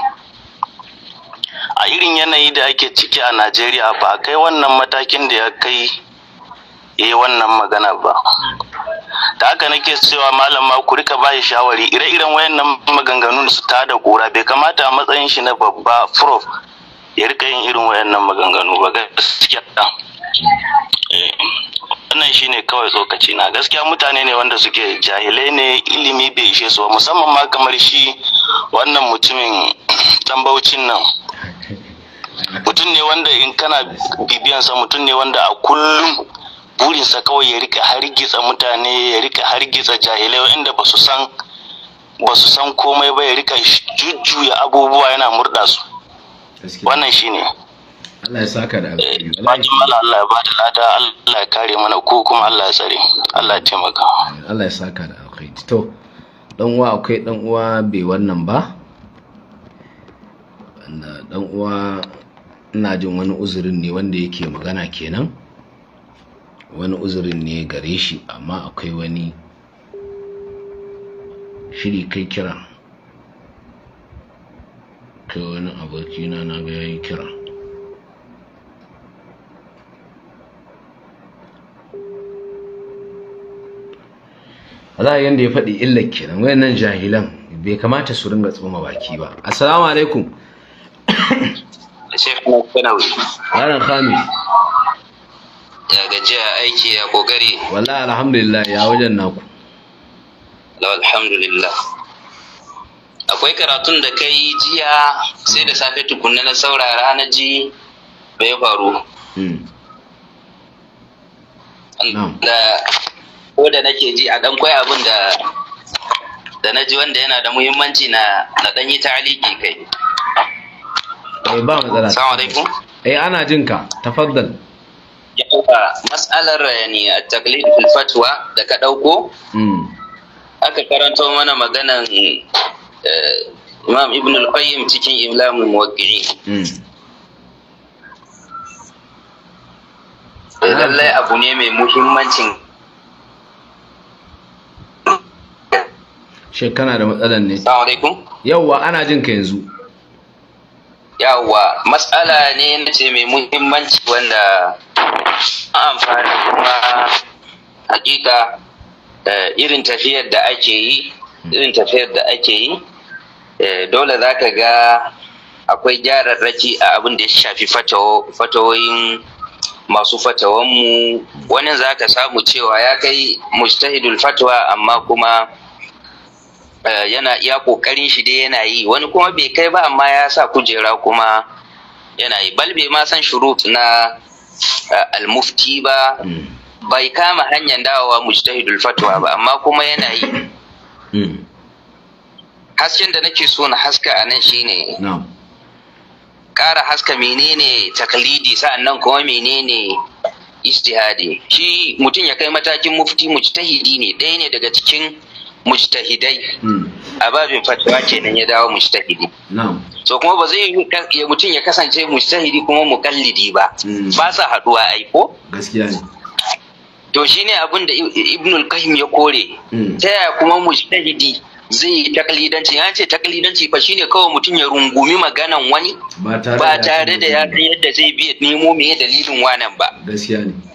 a irin yanayi da ake ciki a Najeriya ba kai wannan matakin da ya kai eh wannan magana ba da haka nake cewa malama ku rika ba shawari ire-iren wayannan da su ta da kura bai kamata a matsayin shi na babba prof ya rika yin irin wayannan maganganu ba gaskiya eh, wannan shine kawai tsokaci na gaskiya mutane ne wanda suke jahilai ne ilimi bai ishe su musamman ma kamar shi wannan mutumin tambaucin nan mutum ne wanda in kana bibiyansa mutum ne wanda a kullum burinsa kawai ya rika hargitsa mutane ya rika hargitsa jahilai inda ba su san ba su san komai ba ya rika jujjuya abubuwa yana murda su wannan shi ne. Allah ya saka da alheri eh, Allah ya bada lada Allah ya kare mana ko kuma Allah ya tsare Allah ya taimaka Allah ya saka da alheri to dan uwa akwai dan uwa bai wannan ba dan uwa ina jin wani uzurin ne wanda yake magana kenan wani uzurin ne gare shi amma akwai wani shiri kai kira kai wani abokina na ga yayi kira Allah yanda ya faɗi illar kenan wayannan jahilan bai kamata su ringa tsoma baki ba assalamu alaikum Sheikh Nawawi Alan Khamis ya gajiya aiki ya kokari wallahi alhamdulillah ya wajen naku alhamdulillah akwai karatun da ka yi jiya sai da safe tukunna na saurara na ji bai faru hmm. da ko da nake ji a dan kwai abin da da na ji wanda yana da muhimmanci na na dan yi taliki kai eh, ba matsala assalamu alaikum eh ana jinka tafaddal ya ɗauka mas'alar yani eh, a taklid fil fatwa da ka ɗauko hmm. aka karanto mana maganan eh, imam ibn al-qayyim cikin imlamin muwaqqi'i hmm. eh, lallai abu ne mai muhimmancin shekana da matsalan ne yauwa ana jin ka yanzu yawwa matsala ne na ce mai muhimmanci wanda amfani kuma hakika eh, irin tafiyar da ake yi irin tafiyar da ake yi eh, dole za ka ga akwai gyararraki a abin da ya shafi fatawoyin masu fatawanmu wani za ka samu cewa ya kai mujtahidul fatwa amma kuma Eh, yana iya kokarin shi dai yana yi wani kuma bai kai ba amma ya sa kujera kuma yana yi bal ma san shurut na eh, almufti ba hmm. bai kama hanyar dawowa mujtahidul fatwa ba amma kuma yana yi hmm. hasken da nake so na haska a nan shine ƙara haska menene taklidi sa'annan kuma menene istihadi shi mutum ya kai matakin mufti mujtahidi ne ɗaya ne daga cikin mujtahidai hmm. a babin ce kenan ya dawo mujtahidi so kuma ba zai yi mutum ya kasance mujtahidi kuma mukallidi ba hmm. ba sa haduwa ai ko gaskiya ne to shine abin da ibn al-qayyim ya kore hmm. ta yaya kuma mujtahidi zai yi taklidanci an ce taklidanci fa shine kawai mutum ya rungumi maganan wani ba tare da ya san yadda zai biya nemo me dalilin wanan ba